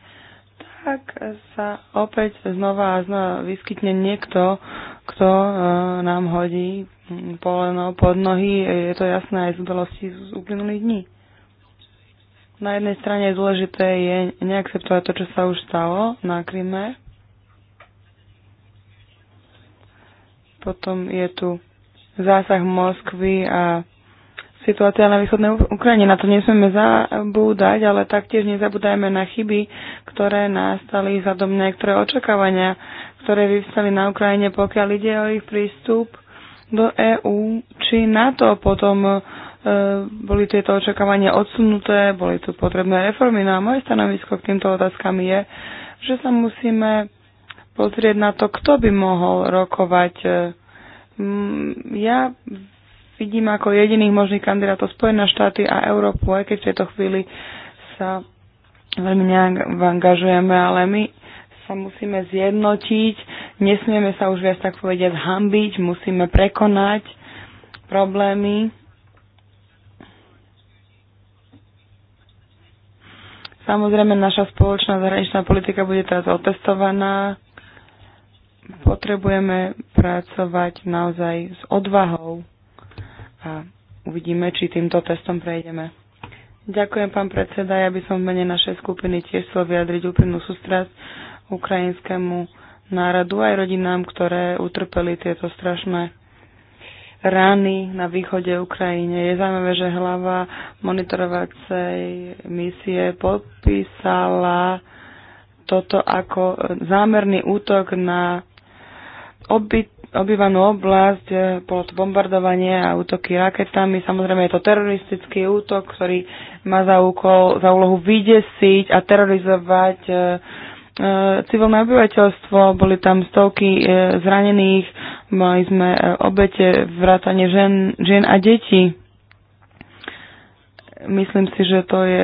tak sa opäť znova a znova vyskytne niekto, kto e, nám hodí poleno pod nohy. Je to jasné aj z udalosti z uplynulých dní. Na jednej strane je dôležité je neakceptovať to, čo sa už stalo na Kryme, Potom je tu zásah Moskvy a situácia na východnej Ukrajine. Na to nesmieme zabúdať, ale taktiež nezabúdajme na chyby, ktoré nastali vzhľadom niektoré očakávania, ktoré vyvstali na Ukrajine, pokiaľ ide o ich prístup do EÚ či NATO. Potom e, boli tieto očakávania odsunuté, boli tu potrebné reformy. No a moje stanovisko k týmto otázkam je, že sa musíme pozrieť na to, kto by mohol rokovať. E, ja vidím ako jediných možných kandidátov Spojené štáty a Európu, aj keď v tejto chvíli sa veľmi neangažujeme, ale my sa musíme zjednotiť, nesmieme sa už viac tak povediať hambiť, musíme prekonať problémy. Samozrejme, naša spoločná zahraničná politika bude teraz otestovaná. Potrebujeme pracovať naozaj s odvahou a uvidíme, či týmto testom prejdeme. Ďakujem, pán predseda. Ja by som v mene našej skupiny tiež chcel vyjadriť úplnú sústrasť ukrajinskému národu aj rodinám, ktoré utrpeli tieto strašné rány na východe Ukrajine. Je zaujímavé, že hlava monitorovacej misie popísala toto ako zámerný útok na oby, obývanú oblasť, e, bolo to bombardovanie a útoky raketami. Samozrejme je to teroristický útok, ktorý má za, úkol, za úlohu vydesiť a terorizovať e, e, civilné obyvateľstvo, boli tam stovky zranených, mali sme obete, vrátane žen, žen a detí. Myslím si, že to je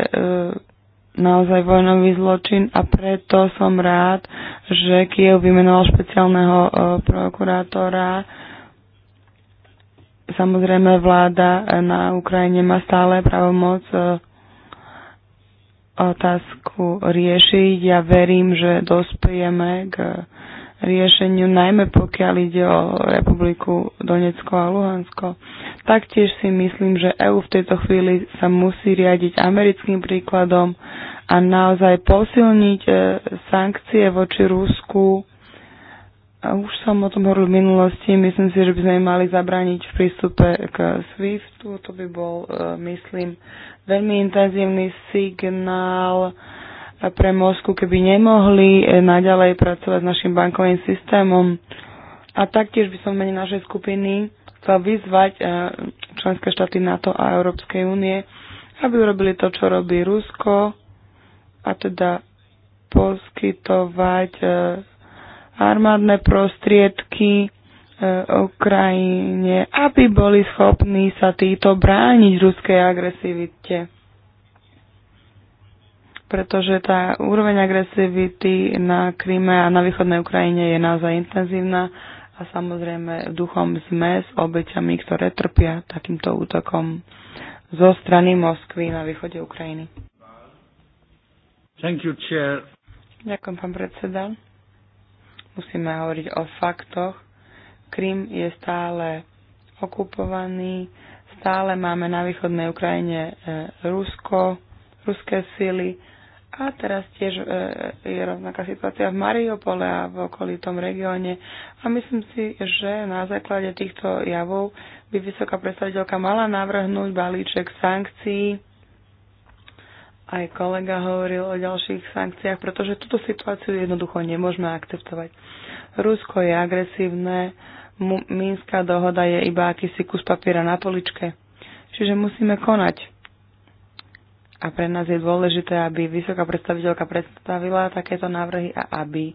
naozaj vojnový zločin a preto som rád, že Kiev vymenoval špeciálneho e, prokurátora. Samozrejme, vláda e, na Ukrajine má stále pravomoc e, otázku riešiť. Ja verím, že dospejeme k riešeniu, najmä pokiaľ ide o Republiku Donecko a Luhansko. Taktiež si myslím, že EÚ v tejto chvíli sa musí riadiť americkým príkladom a naozaj posilniť e, sankcie voči Rusku. Už som o tom hovoril v minulosti, myslím si, že by sme mali zabrániť v prístupe k SWIFTu. To by bol, e, myslím, veľmi intenzívny signál pre Mosku, keby nemohli e, naďalej pracovať s našim bankovým systémom. A taktiež by som mene našej skupiny chcel vyzvať e, členské štáty NATO a Európskej únie, aby urobili to, čo robí Rusko, a teda poskytovať e, armádne prostriedky Ukrajine, aby boli schopní sa títo brániť ruskej agresivite pretože tá úroveň agresivity na Kríme a na východnej Ukrajine je naozaj intenzívna a samozrejme duchom sme s obeťami, ktoré trpia takýmto útokom zo strany Moskvy na východe Ukrajiny. Thank you, chair. Ďakujem, pán predseda. Musíme hovoriť o faktoch. Krym je stále okupovaný, stále máme na východnej Ukrajine e, Rusko, ruské sily, a teraz tiež e, je rovnaká situácia v Mariupole a v okolitom regióne. A myslím si, že na základe týchto javov by vysoká predstaviteľka mala navrhnúť balíček sankcií. Aj kolega hovoril o ďalších sankciách, pretože túto situáciu jednoducho nemôžeme akceptovať. Rusko je agresívne, Mínska dohoda je iba akýsi kus papiera na poličke. Čiže musíme konať a pre nás je dôležité, aby vysoká predstaviteľka predstavila takéto návrhy a aby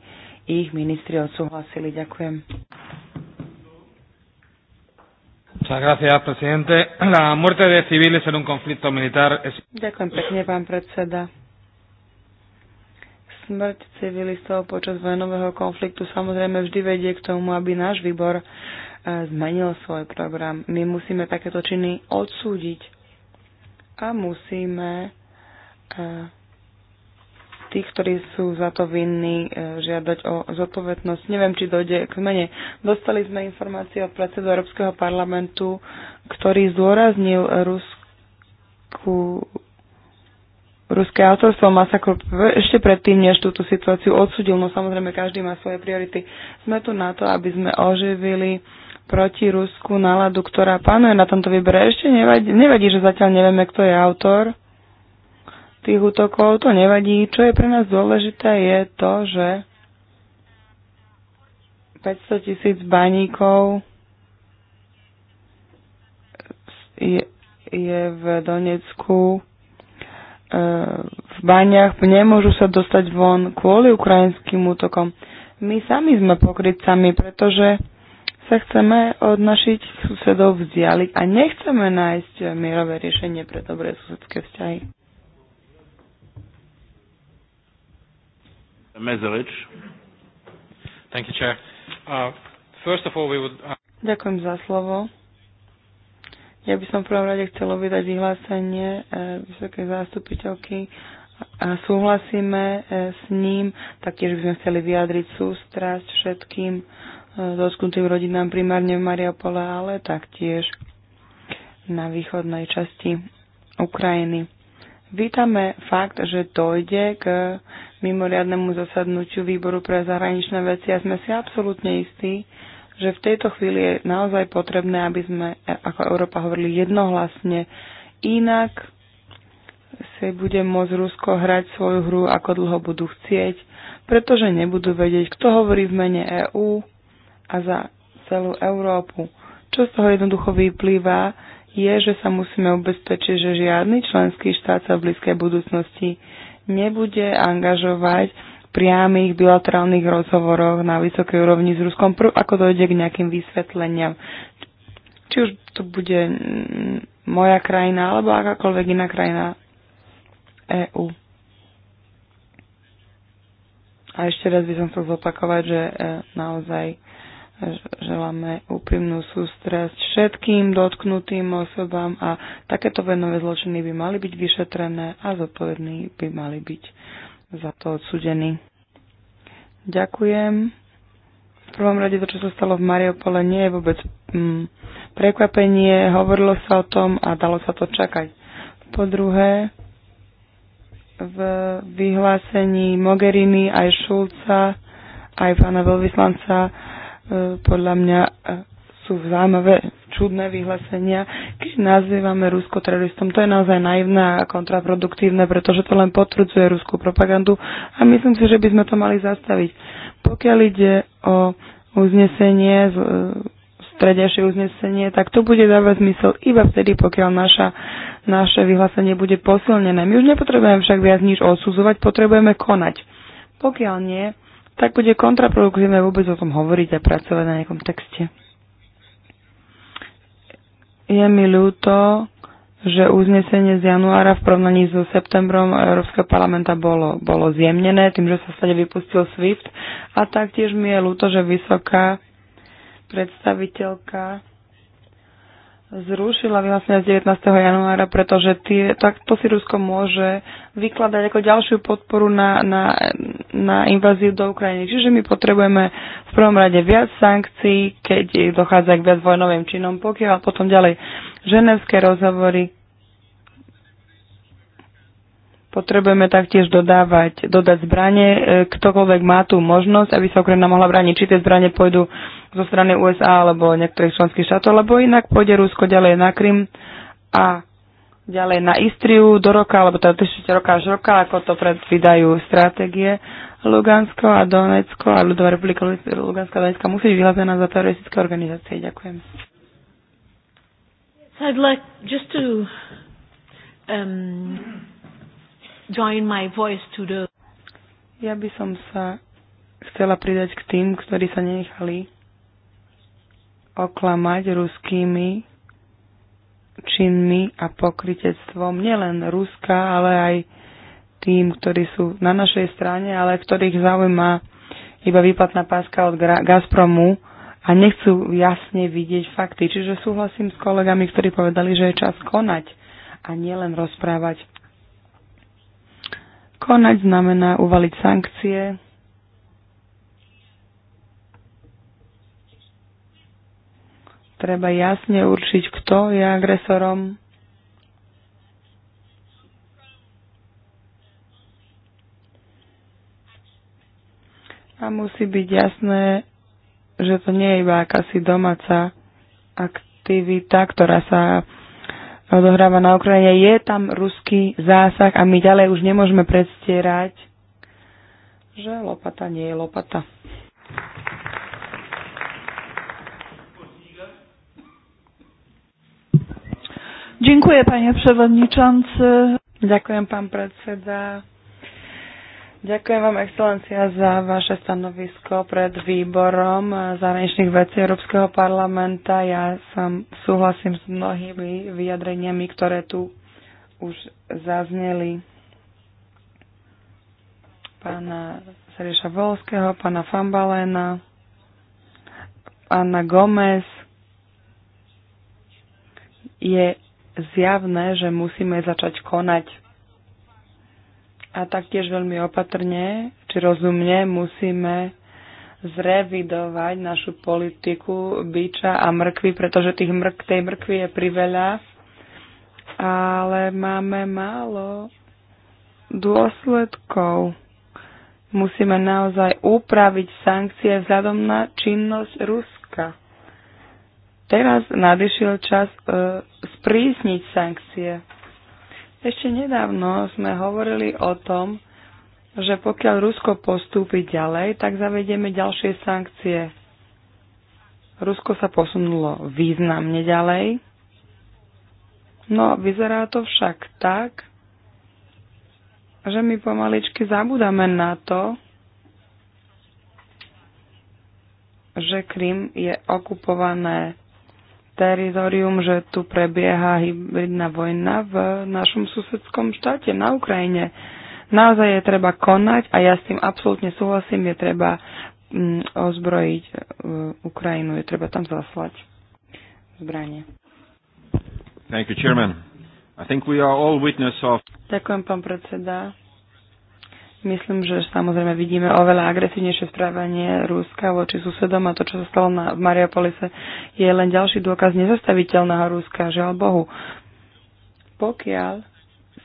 ich ministri odsúhlasili. Ďakujem. Ďakujem pekne, pán predseda. Smrť civilistov počas vojnového konfliktu samozrejme vždy vedie k tomu, aby náš výbor eh, zmenil svoj program. My musíme takéto činy odsúdiť a musíme e, tých, ktorí sú za to vinní, e, žiadať o zodpovednosť. Neviem, či dojde k zmene. Dostali sme informácie od predsedu Európskeho parlamentu, ktorý zdôraznil Rusku ruské autorstvo masakru ešte predtým, než túto situáciu odsudil, no samozrejme každý má svoje priority. Sme tu na to, aby sme oživili proti Rusku náladu, ktorá panuje na tomto výbere. Ešte nevadí, nevadí, že zatiaľ nevieme, kto je autor tých útokov, to nevadí. Čo je pre nás dôležité je to, že 500 tisíc baníkov je, je v Donecku e, v baniach, nemôžu sa dostať von kvôli ukrajinským útokom. My sami sme pokrytcami, pretože sa chceme od našich susedov vzdialiť a nechceme nájsť mierové riešenie pre dobré susedské vzťahy. Thank you, Chair. Uh, first of all, we would... Uh, Ďakujem za slovo. Ja by som v prvom rade chcela vydať vyhlásenie eh, vysokej zástupiteľky a súhlasíme eh, s ním, taktiež by sme chceli vyjadriť sústrasť všetkým dotknutým rodinám primárne v Mariupole, ale taktiež na východnej časti Ukrajiny. Vítame fakt, že dojde k mimoriadnemu zasadnutiu výboru pre zahraničné veci a sme si absolútne istí, že v tejto chvíli je naozaj potrebné, aby sme ako Európa hovorili jednohlasne. Inak si bude môcť Rusko hrať svoju hru, ako dlho budú chcieť, pretože nebudú vedieť, kto hovorí v mene EÚ a za celú Európu. Čo z toho jednoducho vyplýva, je, že sa musíme ubezpečiť, že žiadny členský štát sa v blízkej budúcnosti nebude angažovať priamých bilaterálnych rozhovoroch na vysokej úrovni s Ruskom, prv, ako dojde k nejakým vysvetleniam. Či už to bude mm, moja krajina alebo akákoľvek iná krajina EÚ. A ešte raz by som chcel zopakovať, že e, naozaj Želáme úprimnú sústrasť všetkým dotknutým osobám a takéto venové zločiny by mali byť vyšetrené a zodpovední by mali byť za to odsudení. Ďakujem. V prvom rade to, čo sa stalo v Mariupole, nie je vôbec mm, prekvapenie. Hovorilo sa o tom a dalo sa to čakať. Po druhé, v vyhlásení Mogherini aj Šulca, aj pána veľvyslanca E, podľa mňa e, sú zaujímavé čudné vyhlásenia, keď nazývame Rusko teroristom. To je naozaj naivné a kontraproduktívne, pretože to len potvrdzuje ruskú propagandu a myslím si, že by sme to mali zastaviť. Pokiaľ ide o uznesenie, e, strednejšie uznesenie, tak to bude dávať zmysel iba vtedy, pokiaľ naša, naše vyhlásenie bude posilnené. My už nepotrebujeme však viac nič odsudzovať, potrebujeme konať. Pokiaľ nie, tak bude kontraproduktívne vôbec o tom hovoriť a pracovať na nejakom texte. Je mi ľúto, že uznesenie z januára v porovnaní so septembrom Európskeho parlamenta bolo, bolo zjemnené tým, že sa stade vypustil SWIFT a taktiež mi je ľúto, že vysoká predstaviteľka zrušila vlastne z 19. januára, pretože tie, tak to si Rusko môže vykladať ako ďalšiu podporu na, na, na inváziu do Ukrajiny. Čiže my potrebujeme v prvom rade viac sankcií, keď dochádza k viac vojnovým činom, pokiaľ potom ďalej ženevské rozhovory, Potrebujeme taktiež dodávať, dodať zbranie. E, ktokoľvek má tú možnosť, aby sa Ukrajina mohla brániť, či tie zbranie pôjdu zo strany USA alebo niektorých členských štátov, lebo inak pôjde Rusko ďalej na Krym a ďalej na Istriu do roka, alebo teda 30 roka až roka, ako to predvídajú stratégie. Lugansko a Donecko a ľudová republika Luganska a Donetsko musí byť vyhlásená za teroristické organizácie. Ďakujem. I'd like just to um, join my voice to the... Ja by som sa chcela pridať k tým, ktorí sa nechali oklamať ruskými činmi a pokritectvom nielen Ruska, ale aj tým, ktorí sú na našej strane, ale ktorých zaujíma iba výplatná páska od Gazpromu a nechcú jasne vidieť fakty. Čiže súhlasím s kolegami, ktorí povedali, že je čas konať a nielen rozprávať. Konať znamená uvaliť sankcie. Treba jasne určiť, kto je agresorom. A musí byť jasné, že to nie je iba akási domáca aktivita, ktorá sa odohráva na Ukrajine, je tam ruský zásah a my ďalej už nemôžeme predstierať, že lopata nie je lopata. Dziękuję panie przewodniczący. Dziękuję, pan prezydent. Ďakujem vám, excelencia, za vaše stanovisko pred výborom zahraničných vecí Európskeho parlamenta. Ja som súhlasím s mnohými vyjadreniami, ktoré tu už zazneli pána Sereša Volského, pána Fambalena, pána Gomez. Je zjavné, že musíme začať konať a taktiež veľmi opatrne či rozumne musíme zrevidovať našu politiku byča a mrkvy, pretože tých mrk, tej mrkvy je priveľa, ale máme málo dôsledkov. Musíme naozaj upraviť sankcie vzhľadom na činnosť Ruska. Teraz nadišiel čas e, sprísniť sankcie. Ešte nedávno sme hovorili o tom, že pokiaľ Rusko postúpi ďalej, tak zavedieme ďalšie sankcie. Rusko sa posunulo významne ďalej. No, vyzerá to však tak, že my pomaličky zabudáme na to, že Krym je okupované teritorium, že tu prebieha hybridná vojna v našom susedskom štáte, na Ukrajine. Naozaj je treba konať a ja s tým absolútne súhlasím, je treba mm, ozbrojiť e, Ukrajinu, je treba tam zaslať zbranie. Thank you, Chairman. I think we are all witness of... Ďakujem, pán predseda. Myslím, že samozrejme vidíme oveľa agresívnejšie správanie Ruska voči susedom a to, čo sa stalo na, v Mariapolise, je len ďalší dôkaz nezastaviteľného Ruska, žiaľ Bohu. Pokiaľ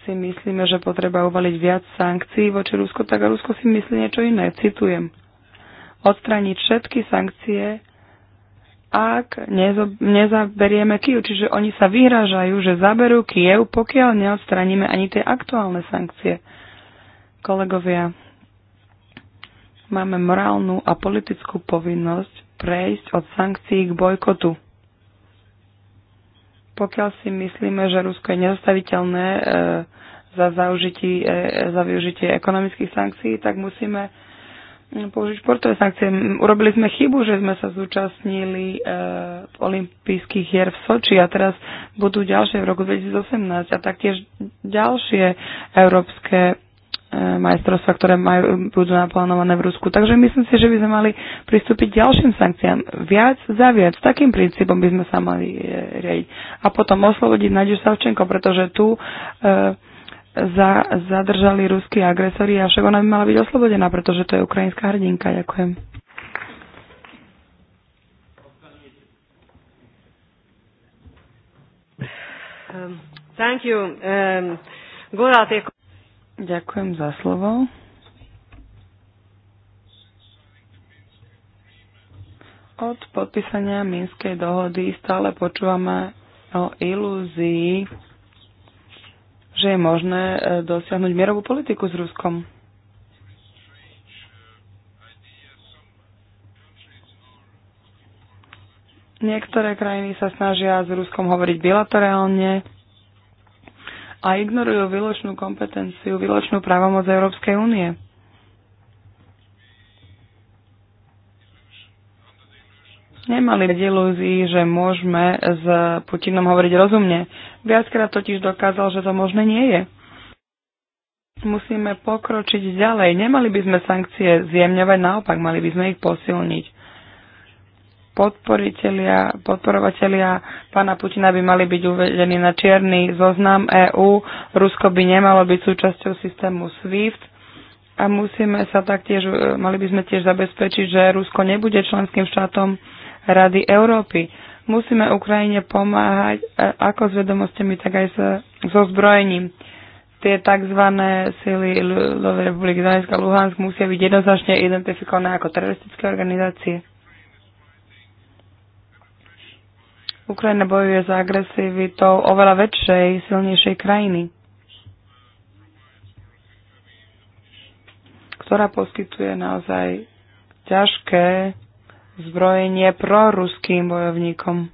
si myslíme, že potreba uvaliť viac sankcií voči Rusku, tak a Rusko si myslí niečo iné. Citujem. Odstraniť všetky sankcie, ak nezaberieme Kiev. Čiže oni sa vyhražajú, že zaberú Kiev, pokiaľ neodstraníme ani tie aktuálne sankcie. Kolegovia, máme morálnu a politickú povinnosť prejsť od sankcií k bojkotu. Pokiaľ si myslíme, že Rusko je nezastaviteľné e, za, zaužití, e, za využitie ekonomických sankcií, tak musíme e, použiť športové sankcie. Urobili sme chybu, že sme sa zúčastnili e, olympijských hier v Soči a teraz budú ďalšie v roku 2018 a taktiež ďalšie európske majstrovstva, ktoré majú, budú naplánované v Rusku. Takže myslím si, že by sme mali pristúpiť ďalším sankciám. Viac za viac. Takým princípom by sme sa mali e, riadiť. A potom oslobodiť Nadiu Savčenko, pretože tu e, za, zadržali ruskí agresori a však ona by mala byť oslobodená, pretože to je ukrajinská hrdinka. Ďakujem. Um, thank you. Um, Ďakujem za slovo. Od podpísania Minskej dohody stále počúvame o ilúzii, že je možné e, dosiahnuť mierovú politiku s Ruskom. Niektoré krajiny sa snažia s Ruskom hovoriť bilaterálne, a ignorujú výločnú kompetenciu, výločnú právomoc Európskej únie. Nemali byť ilúzii, že môžeme s Putinom hovoriť rozumne. Viackrát totiž dokázal, že to možné nie je. Musíme pokročiť ďalej. Nemali by sme sankcie zjemňovať, naopak mali by sme ich posilniť podporitelia, podporovatelia pána Putina by mali byť uvedení na čierny zoznam EÚ, Rusko by nemalo byť súčasťou systému SWIFT a musíme sa taktiež, e, mali by sme tiež zabezpečiť, že Rusko nebude členským štátom Rady Európy. Musíme Ukrajine pomáhať e, ako s vedomostiami, tak aj so zbrojením. Tie tzv. sily Ľudovej republiky Donetska a Luhansk musia byť jednoznačne identifikované ako teroristické organizácie. Ukrajina bojuje za agresivitou oveľa väčšej, silnejšej krajiny, ktorá poskytuje naozaj ťažké zbrojenie proruským bojovníkom.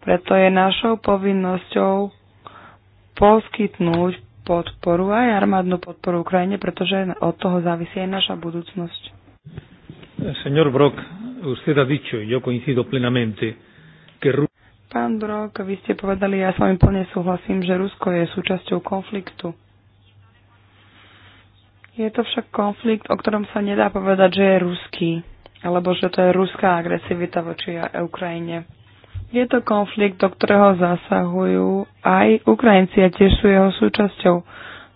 Preto je našou povinnosťou poskytnúť podporu aj armádnu podporu Ukrajine, pretože od toho závisí aj naša budúcnosť. Senior Brok, usted ha dicho, y yo coincido plenamente, que Rusia... Pán Brok, vy ste povedali, ja s vami plne súhlasím, že Rusko je súčasťou konfliktu. Je to však konflikt, o ktorom sa nedá povedať, že je ruský, alebo že to je ruská agresivita voči Ukrajine. Je to konflikt, do ktorého zasahujú aj Ukrajinci a tiež sú jeho súčasťou.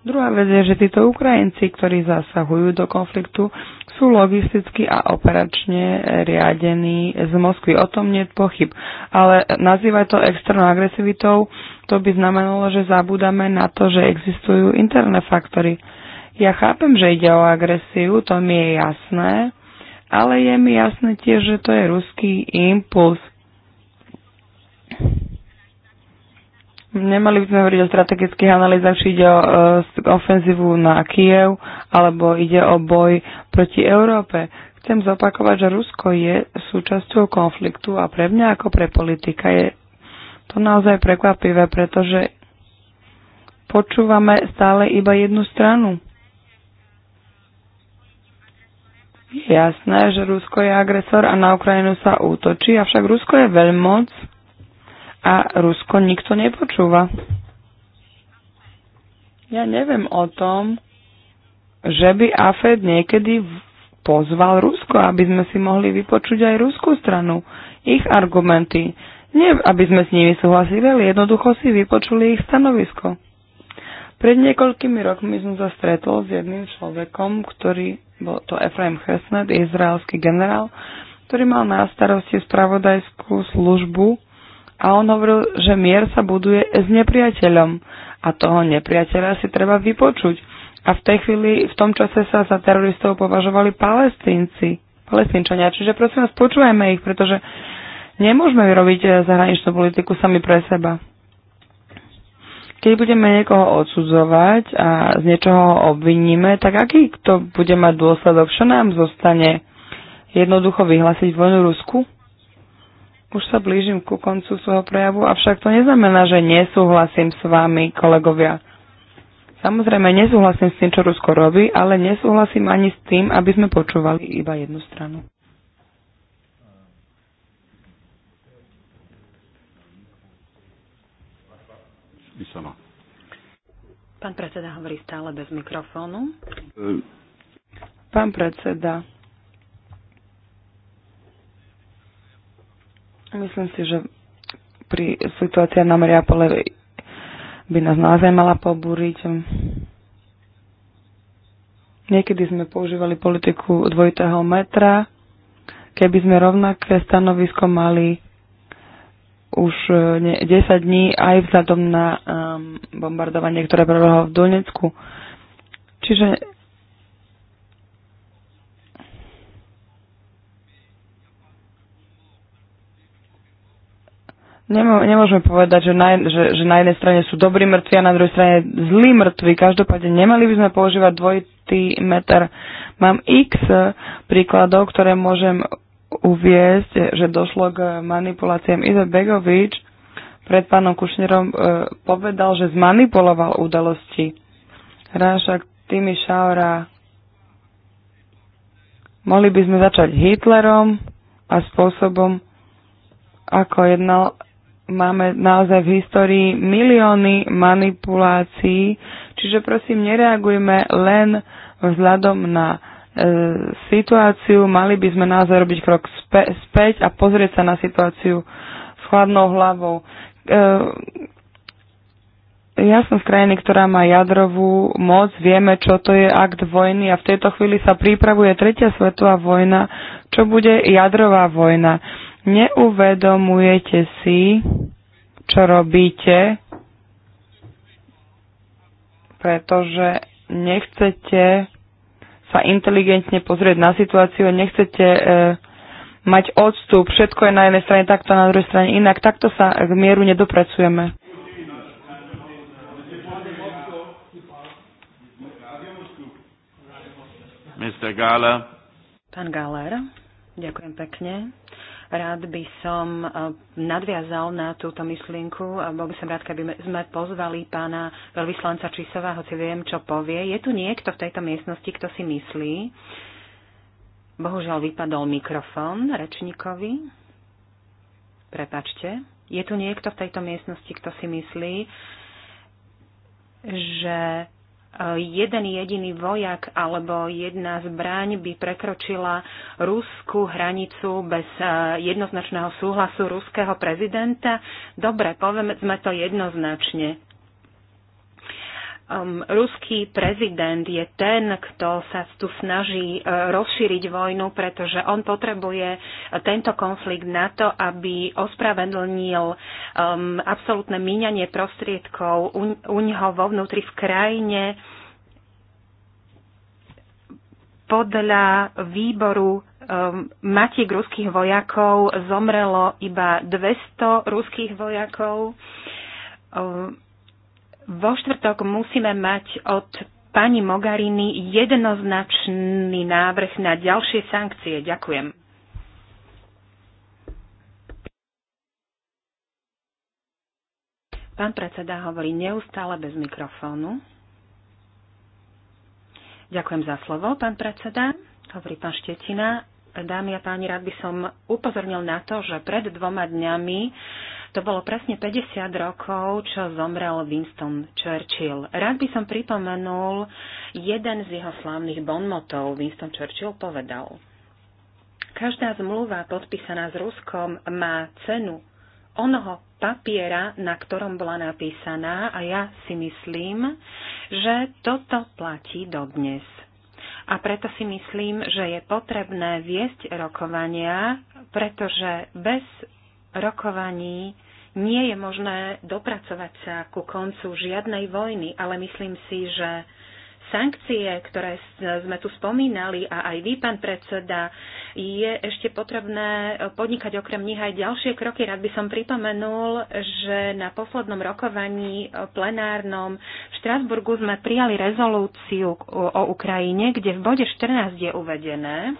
Druhá vec je, že títo Ukrajinci, ktorí zasahujú do konfliktu, sú logisticky a operačne riadení z Moskvy. O tom nie je pochyb. Ale nazývať to externou agresivitou, to by znamenalo, že zabúdame na to, že existujú interné faktory. Ja chápem, že ide o agresiu, to mi je jasné, ale je mi jasné tiež, že to je ruský impuls. Nemali by sme hovoriť o strategických analýzach, či ide o uh, ofenzívu na Kiev, alebo ide o boj proti Európe. Chcem zopakovať, že Rusko je súčasťou konfliktu a pre mňa ako pre politika je to naozaj prekvapivé, pretože počúvame stále iba jednu stranu. Je jasné, že Rusko je agresor a na Ukrajinu sa útočí, avšak Rusko je veľmoc, a Rusko nikto nepočúva. Ja neviem o tom, že by AFED niekedy pozval Rusko, aby sme si mohli vypočuť aj ruskú stranu, ich argumenty. Nie, aby sme s nimi súhlasili, ale jednoducho si vypočuli ich stanovisko. Pred niekoľkými rokmi som sa stretol s jedným človekom, ktorý bol to Efraim Chesnet, izraelský generál, ktorý mal na starosti spravodajskú službu a on hovoril, že mier sa buduje s nepriateľom a toho nepriateľa si treba vypočuť. A v tej chvíli, v tom čase sa za teroristov považovali palestínci, palestínčania. Čiže prosím vás, počúvajme ich, pretože nemôžeme vyrobiť eh, zahraničnú politiku sami pre seba. Keď budeme niekoho odsudzovať a z niečoho obviníme, tak aký to bude mať dôsledok? Čo nám zostane? Jednoducho vyhlásiť vojnu Rusku? Už sa blížim ku koncu svojho prejavu, avšak to neznamená, že nesúhlasím s vami, kolegovia. Samozrejme, nesúhlasím s tým, čo Rusko robí, ale nesúhlasím ani s tým, aby sme počúvali iba jednu stranu. Pán predseda hovorí stále bez mikrofónu. Pán predseda, Myslím si, že pri situácii na Mariapole by nás naozaj mala pobúriť. Niekedy sme používali politiku dvojitého metra. Keby sme rovnaké stanovisko mali už 10 e, dní aj vzhľadom na um, bombardovanie, ktoré prebehlo v Donecku. Čiže Nemôžeme povedať, že na, že, že na jednej strane sú dobrí mŕtvi a na druhej strane zlí mŕtvi. Každopádne nemali by sme používať dvojitý meter. Mám x príkladov, ktoré môžem uviezť, že došlo k manipuláciám. Izo Begovič pred pánom Kušnerom e, povedal, že zmanipuloval udalosti. Rášak Timi Šaura. Mohli by sme začať Hitlerom a spôsobom, ako jednal máme naozaj v histórii milióny manipulácií, čiže prosím, nereagujme len vzhľadom na e, situáciu, mali by sme naozaj robiť krok spä, späť a pozrieť sa na situáciu s chladnou hlavou. E, ja som z krajiny, ktorá má jadrovú moc, vieme, čo to je akt vojny a v tejto chvíli sa pripravuje tretia svetová vojna, čo bude jadrová vojna neuvedomujete si, čo robíte, pretože nechcete sa inteligentne pozrieť na situáciu, nechcete e, mať odstup, všetko je na jednej strane takto, na druhej strane inak, takto sa k mieru nedopracujeme. Mr. Gala. Pán Galer, ďakujem pekne. Rád by som e, nadviazal na túto myšlienku a bol by som rád, keby sme pozvali pána veľvyslanca Čisová, hoci viem, čo povie. Je tu niekto v tejto miestnosti, kto si myslí? Bohužiaľ vypadol mikrofón rečníkovi. Prepačte. Je tu niekto v tejto miestnosti, kto si myslí, že jeden jediný vojak alebo jedna zbraň by prekročila ruskú hranicu bez e, jednoznačného súhlasu ruského prezidenta? Dobre, povedzme to jednoznačne um, ruský prezident je ten, kto sa tu snaží uh, rozšíriť vojnu, pretože on potrebuje tento konflikt na to, aby ospravedlnil um, absolútne míňanie prostriedkov u, u neho vo vnútri v krajine podľa výboru um, matiek ruských vojakov zomrelo iba 200 ruských vojakov. Um, vo štvrtok musíme mať od pani Mogarini jednoznačný návrh na ďalšie sankcie. Ďakujem. Pán predseda hovorí neustále bez mikrofónu. Ďakujem za slovo, pán predseda. Hovorí pán Štetina. Dámy a páni, rád by som upozornil na to, že pred dvoma dňami to bolo presne 50 rokov, čo zomrel Winston Churchill. Rád by som pripomenul jeden z jeho slávnych bonmotov. Winston Churchill povedal, každá zmluva podpísaná s Ruskom má cenu onoho papiera, na ktorom bola napísaná a ja si myslím, že toto platí dodnes. A preto si myslím, že je potrebné viesť rokovania, pretože bez rokovaní nie je možné dopracovať sa ku koncu žiadnej vojny, ale myslím si, že sankcie, ktoré sme tu spomínali a aj vy, pán predseda, je ešte potrebné podnikať okrem nich aj ďalšie kroky. Rád by som pripomenul, že na poslednom rokovaní plenárnom v Štrasburgu sme prijali rezolúciu o Ukrajine, kde v bode 14 je uvedené,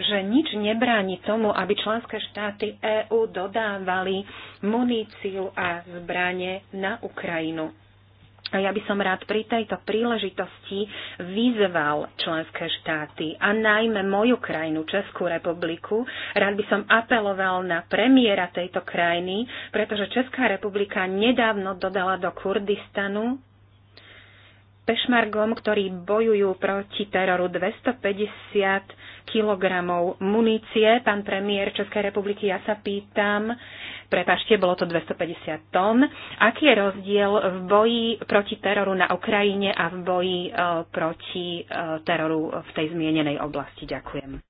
že nič nebráni tomu, aby členské štáty EÚ dodávali muníciu a zbranie na Ukrajinu. A ja by som rád pri tejto príležitosti vyzval členské štáty a najmä moju krajinu, Českú republiku. Rád by som apeloval na premiéra tejto krajiny, pretože Česká republika nedávno dodala do Kurdistanu pešmargom, ktorí bojujú proti teroru 250 kilogramov munície. Pán premiér Českej republiky, ja sa pýtam, prepašte, bolo to 250 tón. Aký je rozdiel v boji proti teroru na Ukrajine a v boji e, proti e, teroru v tej zmienenej oblasti? Ďakujem.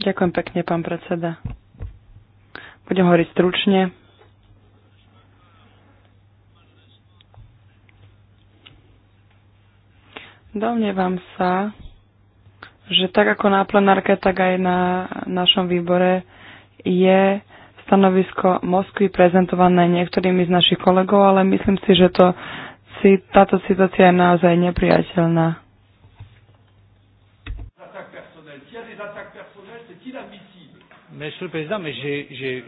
Ďakujem pekne, pán predseda. Budem hovoriť stručne. Domnievam sa, že tak ako na plenárke, tak aj na našom výbore je stanovisko Moskvy prezentované niektorými z našich kolegov, ale myslím si, že to, táto situácia je naozaj nepriateľná. Monsieur le Président, mais j'ai...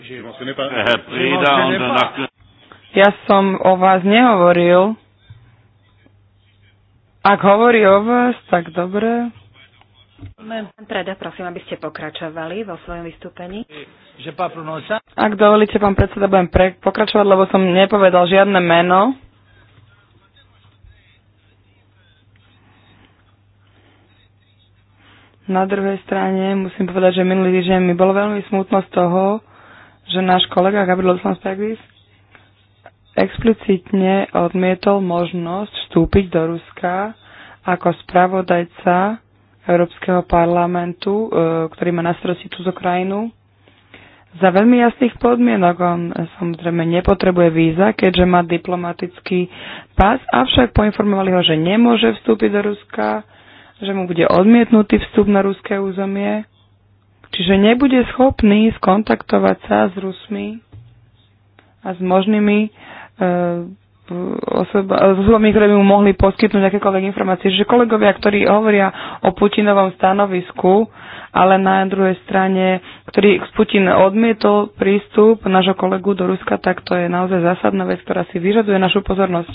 Ja som o vás nehovoril. Ak hovorí o vás, tak dobre. Pán Preda, prosím, aby ste pokračovali vo svojom vystúpení. Ak dovolíte, pán predseda, budem pre- pokračovať, lebo som nepovedal žiadne meno. Na druhej strane musím povedať, že minulý týždeň mi bolo veľmi smutno z toho, že náš kolega Gabriel Slansbergis explicitne odmietol možnosť vstúpiť do Ruska ako spravodajca Európskeho parlamentu, e, ktorý má na starosti túto krajinu. Za veľmi jasných podmienok on e, samozrejme nepotrebuje víza, keďže má diplomatický pás, avšak poinformovali ho, že nemôže vstúpiť do Ruska, že mu bude odmietnutý vstup na ruské územie, čiže nebude schopný skontaktovať sa s Rusmi a s možnými e, osoba, e, osobami, ktoré by mu mohli poskytnúť akékoľvek informácie. Čiže kolegovia, ktorí hovoria o Putinovom stanovisku, ale na druhej strane, ktorý Putin odmietol prístup nášho kolegu do Ruska, tak to je naozaj zásadná vec, ktorá si vyžaduje našu pozornosť.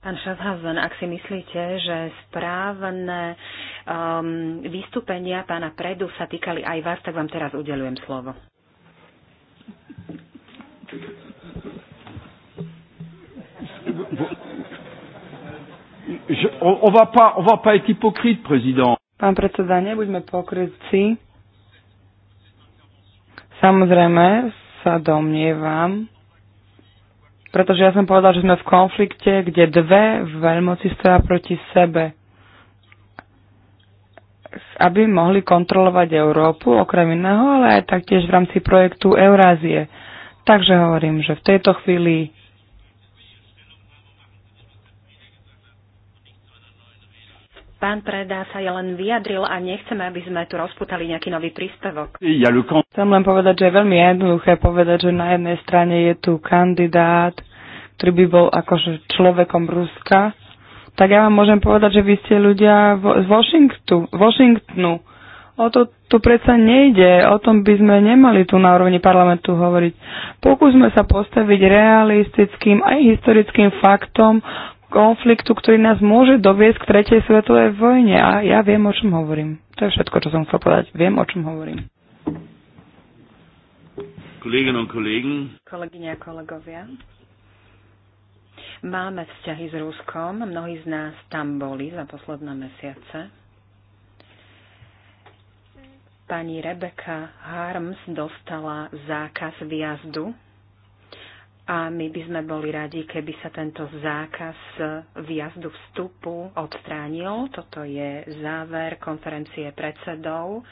Pán Schaffhausen, ak si myslíte, že správne um, vystúpenia pána Predu sa týkali aj vás, tak vám teraz udelujem slovo. Je, on, on va pas, on va pas être hypocrite, président. Pán predseda, nebuďme pokrytci. Samozrejme sa domnievam, pretože ja som povedal, že sme v konflikte, kde dve veľmoci stoja proti sebe. Aby mohli kontrolovať Európu, okrem iného, ale aj taktiež v rámci projektu Eurázie. Takže hovorím, že v tejto chvíli Pán preda sa je len vyjadril a nechceme, aby sme tu rozputali nejaký nový príspevok. Chcem len povedať, že je veľmi jednoduché povedať, že na jednej strane je tu kandidát, ktorý by bol akože človekom Ruska, tak ja vám môžem povedať, že vy ste ľudia z Washingtonu. Washingtonu. O to tu predsa nejde, o tom by sme nemali tu na úrovni parlamentu hovoriť. Pokúsme sa postaviť realistickým aj historickým faktom, konfliktu, ktorý nás môže doviesť k tretej svetovej vojne. A ja viem, o čom hovorím. To je všetko, čo som chcel povedať. Viem, o čom hovorím. Kolegyne a kolegovia. Máme vzťahy s Ruskom. Mnohí z nás tam boli za posledné mesiace. Pani Rebeka Harms dostala zákaz výjazdu a my by sme boli radi, keby sa tento zákaz výjazdu vstupu odstránil. Toto je záver konferencie predsedov.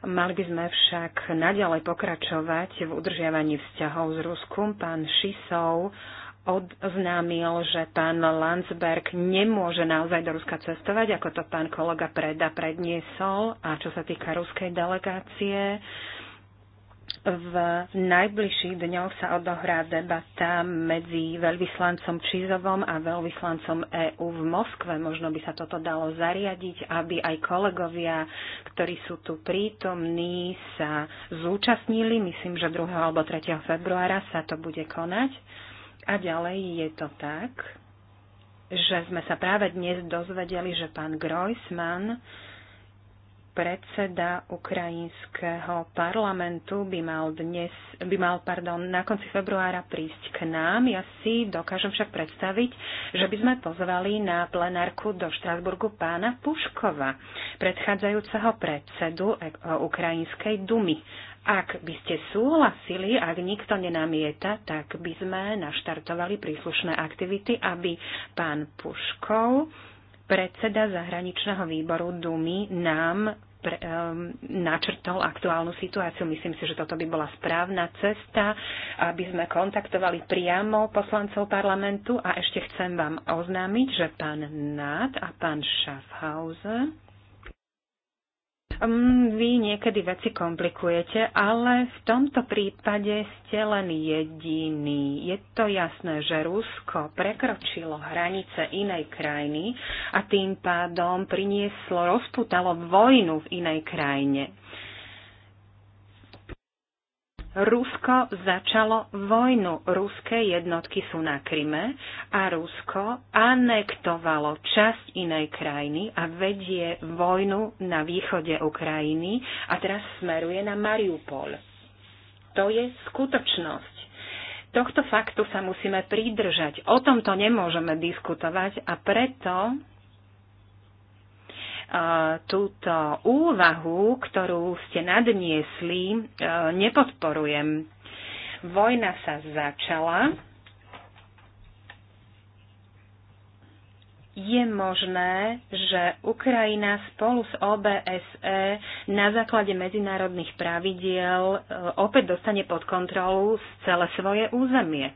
Mali by sme však naďalej pokračovať v udržiavaní vzťahov s Ruskom. Pán Šisov oznámil, že pán Landsberg nemôže naozaj do Ruska cestovať, ako to pán kolega Preda predniesol. A čo sa týka ruskej delegácie, v najbližších dňoch sa odohrá debata medzi veľvyslancom Čizovom a veľvyslancom EÚ v Moskve. Možno by sa toto dalo zariadiť, aby aj kolegovia, ktorí sú tu prítomní, sa zúčastnili. Myslím, že 2. alebo 3. februára sa to bude konať. A ďalej je to tak, že sme sa práve dnes dozvedeli, že pán Groisman, predseda ukrajinského parlamentu, by mal, dnes, by mal pardon, na konci februára prísť k nám. Ja si dokážem však predstaviť, že by sme pozvali na plenárku do Štrasburgu pána Puškova, predchádzajúceho predsedu e, Ukrajinskej dumy. Ak by ste súhlasili, ak nikto nenamieta, tak by sme naštartovali príslušné aktivity, aby pán Puškov, predseda zahraničného výboru Dumy, nám pre, um, načrtol aktuálnu situáciu. Myslím si, že toto by bola správna cesta, aby sme kontaktovali priamo poslancov parlamentu a ešte chcem vám oznámiť, že pán Nát a pán Schaffhausen. Hm, vy niekedy veci komplikujete, ale v tomto prípade ste len jediný. Je to jasné, že Rusko prekročilo hranice inej krajiny a tým pádom prinieslo, rozputalo vojnu v inej krajine. Rusko začalo vojnu. Ruské jednotky sú na Kryme a Rusko anektovalo časť inej krajiny a vedie vojnu na východe Ukrajiny a teraz smeruje na Mariupol. To je skutočnosť. Tohto faktu sa musíme pridržať. O tomto nemôžeme diskutovať a preto túto úvahu, ktorú ste nadniesli, e, nepodporujem. Vojna sa začala. je možné, že Ukrajina spolu s OBSE na základe medzinárodných pravidiel e, opäť dostane pod kontrolu celé svoje územie.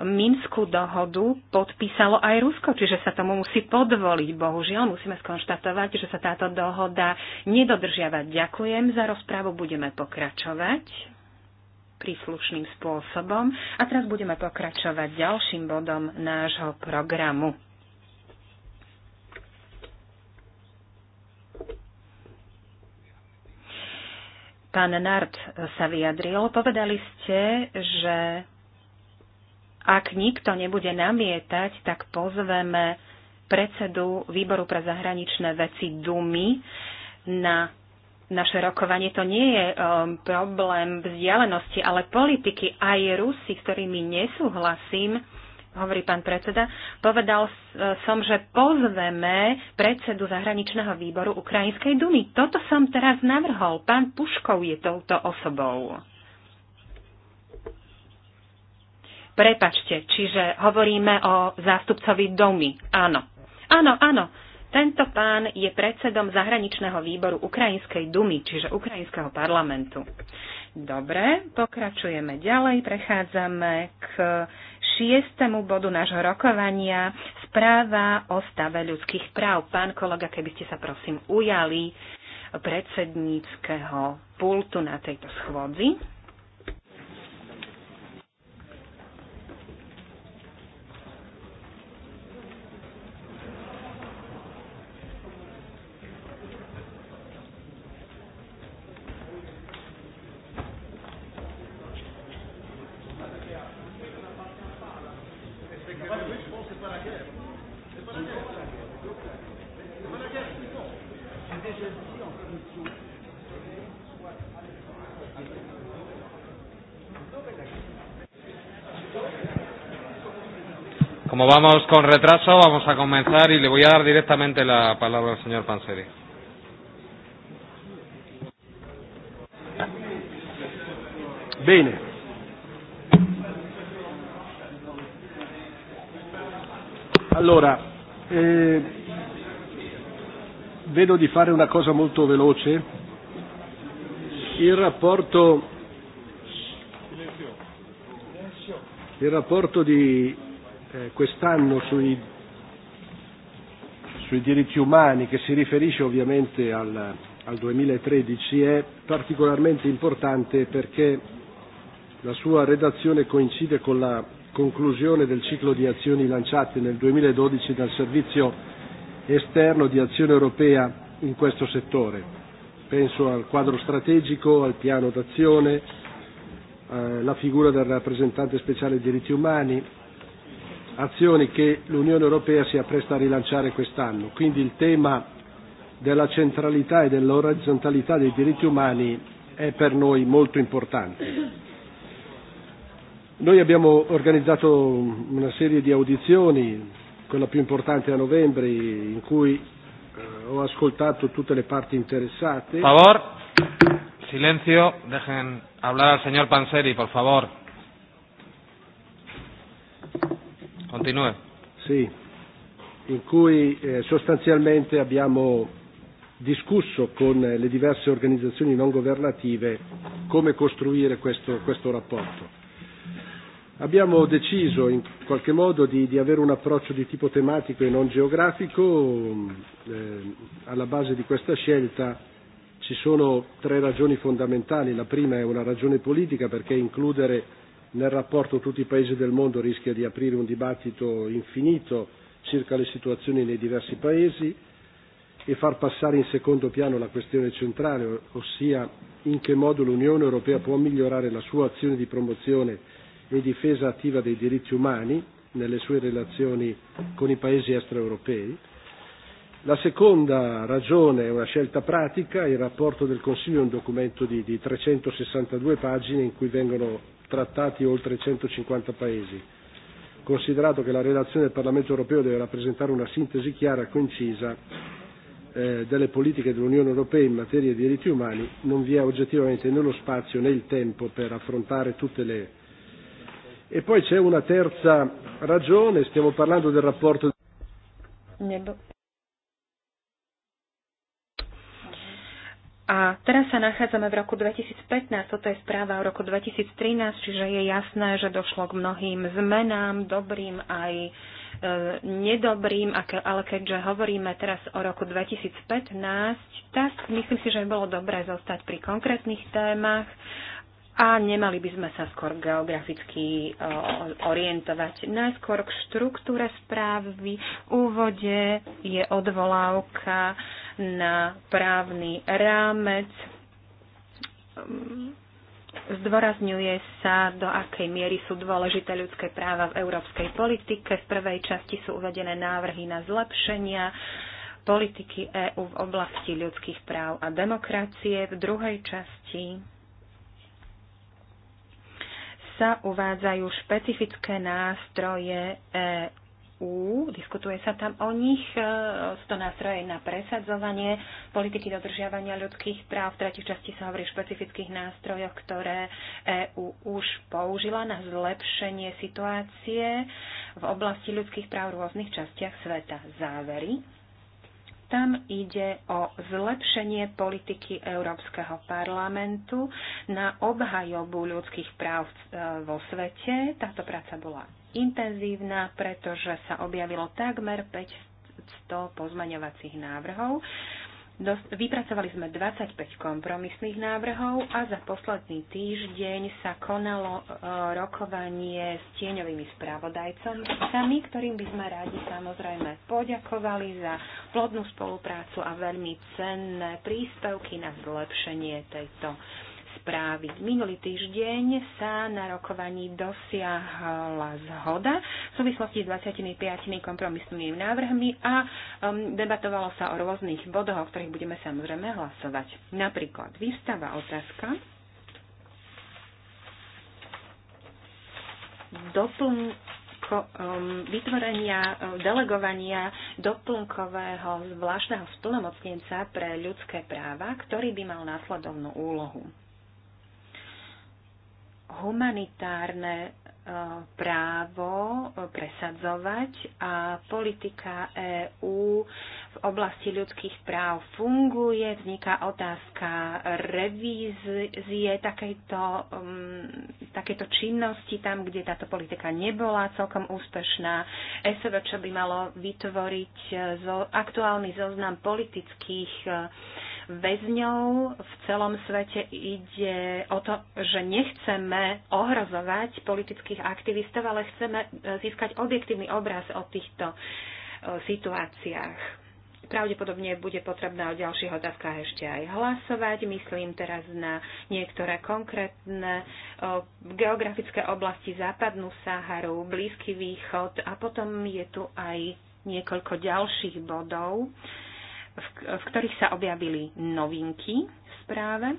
Minskú dohodu podpísalo aj Rusko, čiže sa tomu musí podvoliť. Bohužiaľ, musíme skonštatovať, že sa táto dohoda nedodržiava. Ďakujem za rozprávu, budeme pokračovať príslušným spôsobom. A teraz budeme pokračovať ďalším bodom nášho programu. Pán Nart sa vyjadril. Povedali ste, že ak nikto nebude namietať, tak pozveme predsedu Výboru pre zahraničné veci Dumy na naše rokovanie. To nie je um, problém vzdialenosti, ale politiky aj Rusy, s ktorými nesúhlasím, hovorí pán predseda, povedal e, som, že pozveme predsedu zahraničného výboru Ukrajinskej dumy. Toto som teraz navrhol. Pán Puškov je touto osobou. Prepačte, čiže hovoríme o zástupcovi domy. Áno. Áno, áno. Tento pán je predsedom zahraničného výboru Ukrajinskej dumy, čiže Ukrajinského parlamentu. Dobre, pokračujeme ďalej, prechádzame k šiestému bodu nášho rokovania, správa o stave ľudských práv. Pán kolega, keby ste sa prosím ujali predsedníckého pultu na tejto schôdzi. Como vamos con retraso, vamos a comenzar y le voy a dar directamente la palabra al señor Panseri. Bene. Allora, eh, vedo di fare una cosa molto veloce. Il rapporto, il rapporto di Eh, quest'anno sui, sui diritti umani, che si riferisce ovviamente al, al 2013, è particolarmente importante perché la sua redazione coincide con la conclusione del ciclo di azioni lanciate nel 2012 dal Servizio esterno di azione europea in questo settore. Penso al quadro strategico, al piano d'azione, alla eh, figura del rappresentante speciale dei diritti umani, azioni che l'Unione Europea si appresta a rilanciare quest'anno. Quindi il tema della centralità e dell'orizzontalità dei diritti umani è per noi molto importante. Noi abbiamo organizzato una serie di audizioni, quella più importante a novembre, in cui eh, ho ascoltato tutte le parti interessate. Por favor, silenzio, dejen hablar al signor Panseri, por favor. Continúe. Sì, in cui eh, sostanzialmente abbiamo discusso con eh, le diverse organizzazioni non governative come costruire questo, questo rapporto. Abbiamo deciso in qualche modo di, di avere un approccio di tipo tematico e non geografico. Eh, alla base di questa scelta ci sono tre ragioni fondamentali. La prima è una ragione politica perché includere nel rapporto tutti i paesi del mondo rischia di aprire un dibattito infinito circa le situazioni nei diversi paesi e far passare in secondo piano la questione centrale, ossia in che modo l'Unione Europea può migliorare la sua azione di promozione e difesa attiva dei diritti umani nelle sue relazioni con i paesi extraeuropei La seconda ragione è una scelta pratica, il rapporto del Consiglio è un documento di, di 362 pagine in cui vengono trattati oltre 150 Paesi. Considerato che la relazione del Parlamento europeo deve rappresentare una sintesi chiara e concisa eh, delle politiche dell'Unione europea in materia di diritti umani, non vi è oggettivamente né lo spazio né il tempo per affrontare tutte le. E poi c'è una terza ragione, stiamo parlando del rapporto. Nebo A teraz sa nachádzame v roku 2015, toto je správa o roku 2013, čiže je jasné, že došlo k mnohým zmenám, dobrým aj e, nedobrým, ale keďže hovoríme teraz o roku 2015, tak myslím si, že by bolo dobré zostať pri konkrétnych témach a nemali by sme sa skôr geograficky e, orientovať. Najskôr k štruktúre správy. V úvode je odvolávka na právny rámec. Zdôrazňuje sa, do akej miery sú dôležité ľudské práva v európskej politike. V prvej časti sú uvedené návrhy na zlepšenia politiky EÚ v oblasti ľudských práv a demokracie. V druhej časti sa uvádzajú špecifické nástroje EÚ EÚ, diskutuje sa tam o nich, e, sú to nástroje na presadzovanie politiky dodržiavania ľudských práv. V tretich časti sa hovorí o špecifických nástrojoch, ktoré EÚ už použila na zlepšenie situácie v oblasti ľudských práv v rôznych častiach sveta. Závery tam ide o zlepšenie politiky Európskeho parlamentu na obhajobu ľudských práv e, vo svete. Táto práca bola intenzívna, pretože sa objavilo takmer 500 pozmaňovacích návrhov. Vypracovali sme 25 kompromisných návrhov a za posledný týždeň sa konalo e, rokovanie s tieňovými spravodajcami, ktorým by sme rádi samozrejme poďakovali za plodnú spoluprácu a veľmi cenné príspevky na zlepšenie tejto správy. Minulý týždeň sa na rokovaní dosiahla zhoda v súvislosti s 25 kompromisnými návrhmi a um, debatovalo sa o rôznych bodoch, o ktorých budeme samozrejme hlasovať. Napríklad výstava otázka, doplň, um, vytvorenia, um, delegovania doplnkového zvláštneho splnomocnenca pre ľudské práva, ktorý by mal následovnú úlohu humanitárne e, právo e, presadzovať a politika EÚ v oblasti ľudských práv funguje, vzniká otázka revízie takejto, um, mm, takejto činnosti tam, kde táto politika nebola celkom úspešná. čo by malo vytvoriť zo, aktuálny zoznam politických uh, väzňov v celom svete ide o to, že nechceme ohrozovať politických aktivistov, ale chceme e, získať objektívny obraz o týchto e, situáciách. Pravdepodobne bude potrebné o ďalších otázkach ešte aj hlasovať. Myslím teraz na niektoré konkrétne e, geografické oblasti západnú Saharu, Blízky východ a potom je tu aj niekoľko ďalších bodov v, v ktorých sa objavili novinky v správe,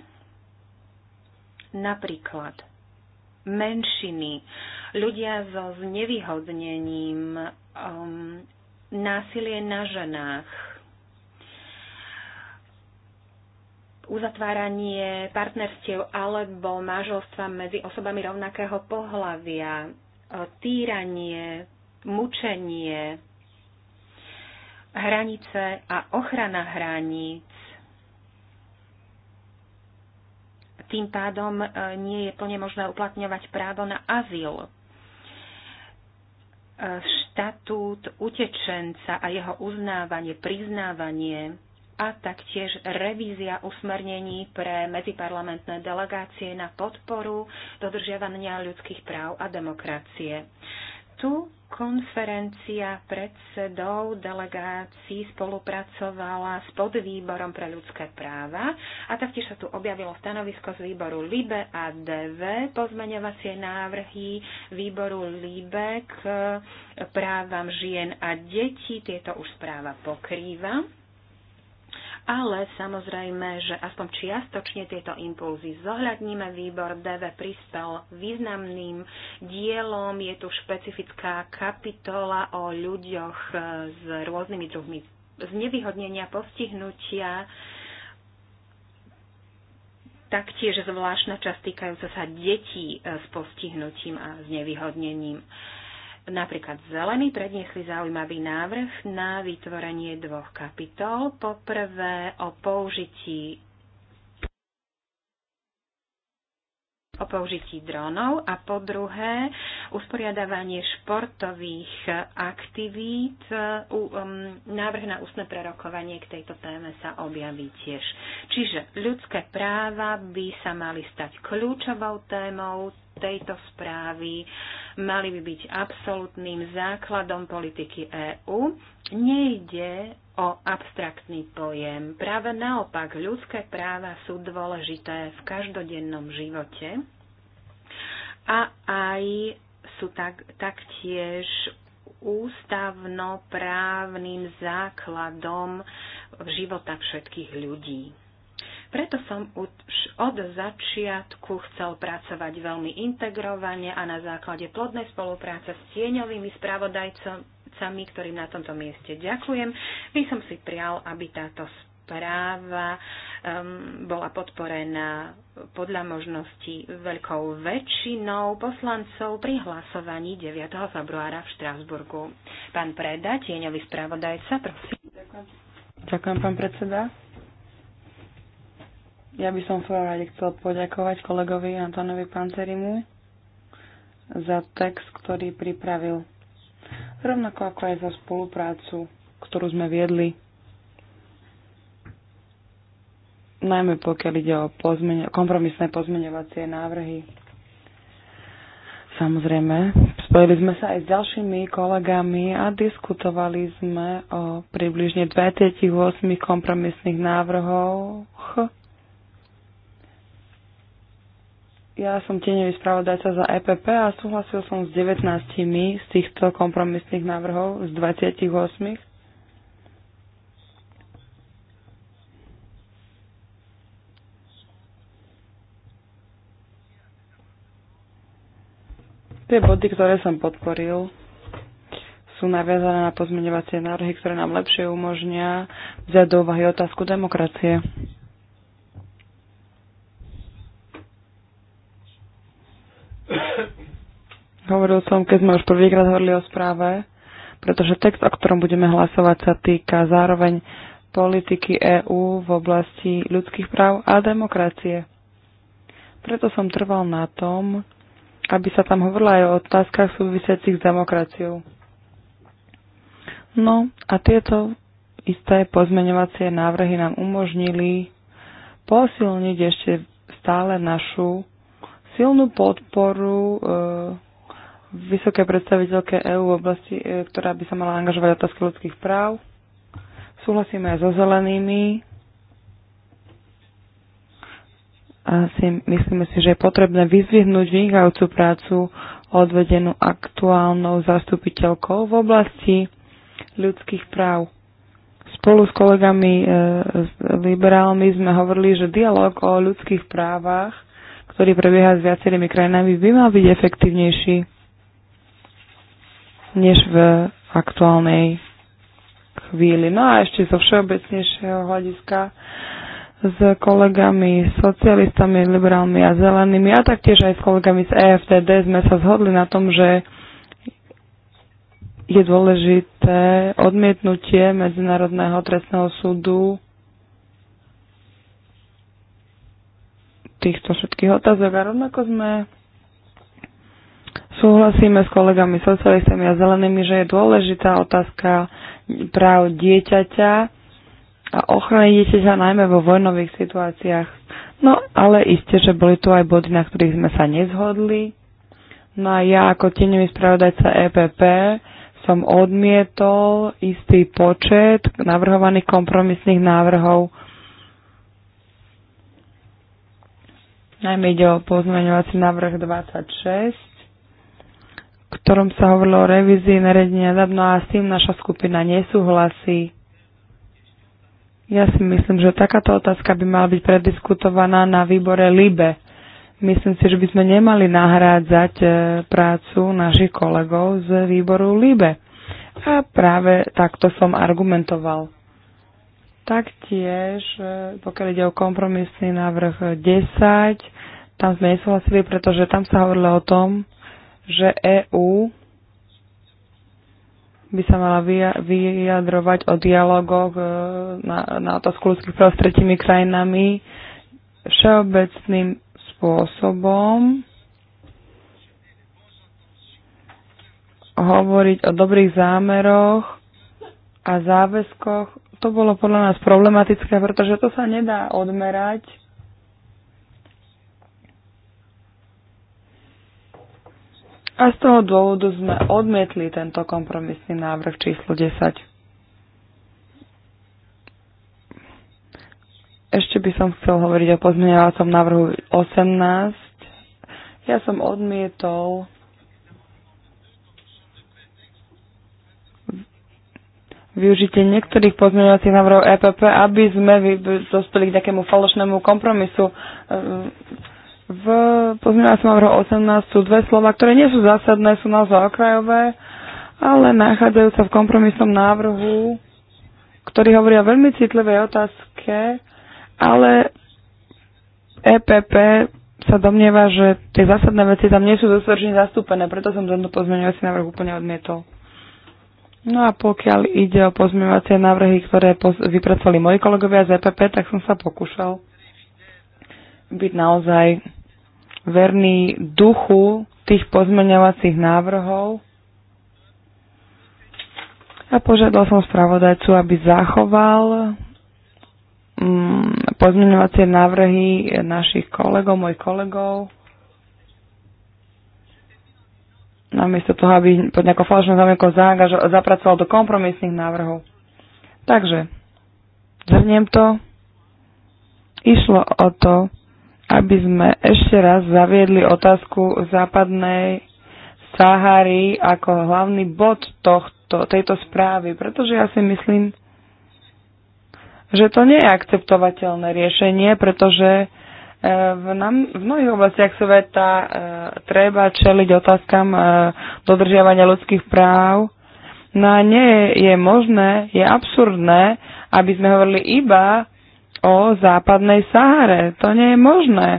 napríklad menšiny, ľudia so znevýhodnením, um, násilie na ženách, uzatváranie partnerstiev alebo manželstva medzi osobami rovnakého pohľavia, týranie, mučenie, hranice a ochrana hraníc. Tým pádom e, nie je plne možné uplatňovať právo na azyl. E, štatút utečenca a jeho uznávanie, priznávanie a taktiež revízia usmernení pre medziparlamentné delegácie na podporu dodržiavania ľudských práv a demokracie tu konferencia predsedov delegácií spolupracovala s podvýborom pre ľudské práva a taktiež sa tu objavilo stanovisko z výboru LIBE a DV, pozmeňovacie návrhy výboru LIBE k právam žien a detí, tieto už správa pokrýva ale samozrejme, že aspoň čiastočne tieto impulzy zohľadníme. Výbor DV prispel významným dielom. Je tu špecifická kapitola o ľuďoch e, s rôznymi druhmi znevýhodnenia, postihnutia taktiež zvláštna časť týkajúca sa detí e, s postihnutím a znevýhodnením. nevýhodnením. Napríklad zelení predniesli zaujímavý návrh na vytvorenie dvoch kapitol. Poprvé o použití o použití dronov a po druhé usporiadávanie športových aktivít. Um, návrh na ústne prerokovanie k tejto téme sa objaví tiež. Čiže ľudské práva by sa mali stať kľúčovou témou tejto správy mali by byť absolútnym základom politiky EÚ. Nejde o abstraktný pojem. Práve naopak, ľudské práva sú dôležité v každodennom živote a aj sú tak, taktiež ústavnoprávnym základom života všetkých ľudí. Preto som už od začiatku chcel pracovať veľmi integrovane a na základe plodnej spolupráce s tieňovými spravodajcom, spravodajcami, ktorým na tomto mieste ďakujem. By som si prial, aby táto správa um, bola podporená podľa možností veľkou väčšinou poslancov pri hlasovaní 9. februára v Štrásburgu. Pán Preda, tieňový spravodajca, prosím. Ďakujem. Ďakujem, pán predseda. Ja by som v rade chcel poďakovať kolegovi Antonovi Pancerimu za text, ktorý pripravil rovnako ako aj za spoluprácu, ktorú sme viedli, najmä pokiaľ ide o pozmeň- kompromisné pozmeňovacie návrhy. Samozrejme, spojili sme sa aj s ďalšími kolegami a diskutovali sme o približne 28 kompromisných návrhoch Ja som tieňový spravodajca za EPP a súhlasil som s 19 z týchto kompromisných návrhov z 28. Tie body, ktoré som podporil, sú naviazané na pozmeňovacie návrhy, ktoré nám lepšie umožnia vziať do úvahy otázku demokracie. Hovoril som, keď sme už prvýkrát hovorili o správe, pretože text, o ktorom budeme hlasovať, sa týka zároveň politiky EÚ v oblasti ľudských práv a demokracie. Preto som trval na tom, aby sa tam hovorila aj o otázkach súvisiacich s demokraciou. No a tieto isté pozmeňovacie návrhy nám umožnili posilniť ešte stále našu silnú podporu eh, vysoké predstaviteľke EÚ v oblasti, eh, ktorá by sa mala angažovať otázky ľudských práv. Súhlasíme aj so zelenými. A si, myslíme si, že je potrebné vyzvihnúť vynikajúcu prácu odvedenú aktuálnou zastupiteľkou v oblasti ľudských práv. Spolu s kolegami e, s liberálmi sme hovorili, že dialog o ľudských právach ktorý prebieha s viacerými krajinami, by mal byť efektívnejší než v aktuálnej chvíli. No a ešte zo všeobecnejšieho hľadiska s kolegami socialistami, liberálmi a zelenými a taktiež aj s kolegami z EFTD sme sa zhodli na tom, že je dôležité odmietnutie Medzinárodného trestného súdu týchto všetkých otázok a rovnako sme súhlasíme s kolegami socialistami a zelenými, že je dôležitá otázka práv dieťaťa a ochrany dieťaťa najmä vo vojnových situáciách. No ale iste, že boli tu aj body, na ktorých sme sa nezhodli. No a ja ako tieňový spravodajca EPP som odmietol istý počet navrhovaných kompromisných návrhov Najmä ide o pozmeňovací návrh 26, v ktorom sa hovorilo o revízii nariadenia zadno a s tým naša skupina nesúhlasí. Ja si myslím, že takáto otázka by mala byť prediskutovaná na výbore LIBE. Myslím si, že by sme nemali nahrádzať e, prácu našich kolegov z výboru LIBE. A práve takto som argumentoval. Taktiež, e, pokiaľ ide o kompromisný návrh 10, tam sme nesúhlasili, pretože tam sa hovorilo o tom, že EÚ by sa mala vyjadrovať o dialogoch e, na, na otázku ľudských práv s tretimi krajinami všeobecným spôsobom hovoriť o dobrých zámeroch a záväzkoch to bolo podľa nás problematické, pretože to sa nedá odmerať. A z toho dôvodu sme odmietli tento kompromisný návrh číslo 10. Ešte by som chcel hovoriť o pozmeňovacom návrhu 18. Ja som odmietol využitie niektorých pozmeňovacích návrhov EPP, aby sme dospeli k nejakému falošnému kompromisu. Ehm, v pozmeňovacom návrhu 18 sú dve slova, ktoré nie sú zásadné, sú naozaj okrajové, ale nachádzajú sa v kompromisnom návrhu, ktorý hovorí o veľmi citlivej otázke, ale EPP sa domnieva, že tie zásadné veci tam nie sú dostatočne zastúpené, preto som tento pozmeňovací návrh úplne odmietol. No a pokiaľ ide o pozmievacie návrhy, ktoré vypracovali moji kolegovia z EPP, tak som sa pokúšal byť naozaj verný duchu tých pozmeňovacích návrhov a požiadal som spravodajcu, aby zachoval mm, pozmeňovacie návrhy našich kolegov, mojich kolegov namiesto toho, aby pod nejakou falšnou zámienkou zapracoval do kompromisných návrhov. Takže, zhrniem to, išlo o to, aby sme ešte raz zaviedli otázku západnej Sahary ako hlavný bod tohto, tejto správy, pretože ja si myslím, že to nie je akceptovateľné riešenie, pretože v, nám, v mnohých oblastiach sveta e, treba čeliť otázkam e, dodržiavania ľudských práv. No a nie je možné, je absurdné, aby sme hovorili iba o západnej Sahare. To nie je možné.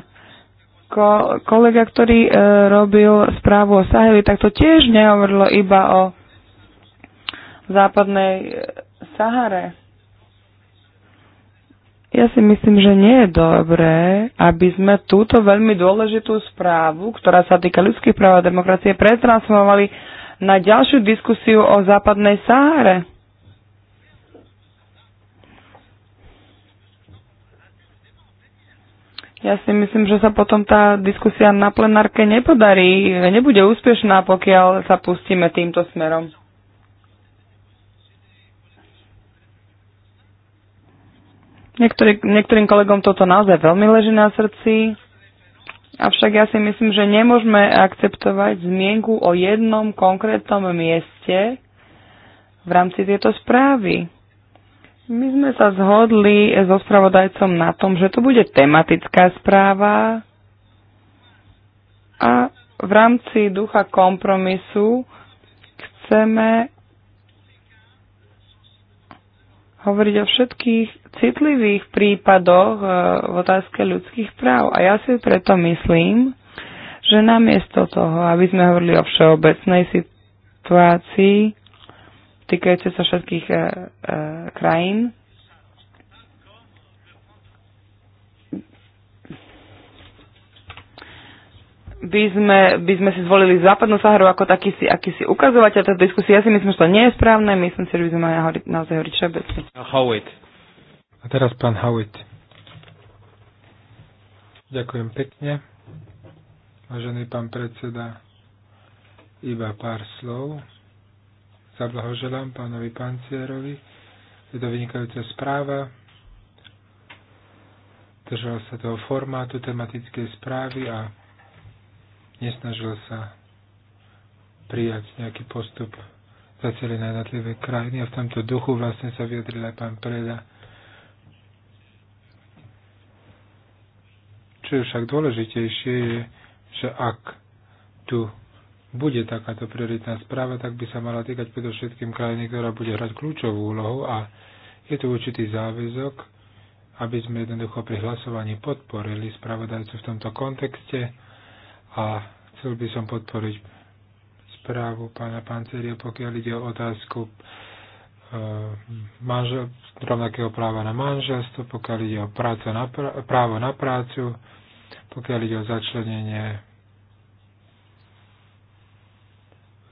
Ko, kolega, ktorý e, robil správu o Saheli, tak to tiež nehovorilo iba o západnej e, Sahare. Ja si myslím, že nie je dobré, aby sme túto veľmi dôležitú správu, ktorá sa týka ľudských práv a demokracie, pretransformovali na ďalšiu diskusiu o západnej Sáre. Ja si myslím, že sa potom tá diskusia na plenárke nepodarí, nebude úspešná, pokiaľ sa pustíme týmto smerom. Niektorý, niektorým kolegom toto naozaj veľmi leží na srdci, avšak ja si myslím, že nemôžeme akceptovať zmienku o jednom konkrétnom mieste v rámci tejto správy. My sme sa zhodli so spravodajcom na tom, že to bude tematická správa a v rámci ducha kompromisu chceme hovoriť o všetkých citlivých prípadoch e, v otázke ľudských práv. A ja si preto myslím, že namiesto toho, aby sme hovorili o všeobecnej situácii týkajúce sa všetkých e, e, krajín, by sme, by sme si zvolili západnú Saharu ako taký si, aký si ukazovateľ tej diskusie. Ja si myslím, že to nie je správne. Myslím si, že by sme mali hori, naozaj hovoriť všeobecne. A teraz pán Howitt. Ďakujem pekne. Vážený pán predseda, iba pár slov. Zablahoželám pánovi Pancierovi. Je to vynikajúca správa. Držal sa toho formátu tematickej správy a nesnažil sa prijať nejaký postup za celé najnatlivé krajiny a v tomto duchu vlastne sa vyjadril aj pán Preda. Čo je však dôležitejšie je, že ak tu bude takáto prioritná správa, tak by sa mala týkať predovšetkým krajiny, ktorá bude hrať kľúčovú úlohu a je tu určitý záväzok, aby sme jednoducho pri hlasovaní podporili spravodajcu v tomto kontexte a chcel by som podporiť správu pána Panceria, pokiaľ ide o otázku e, manžel, rovnakého práva na manželstvo, pokiaľ ide o prácu na pr- právo na prácu, pokiaľ ide o začlenenie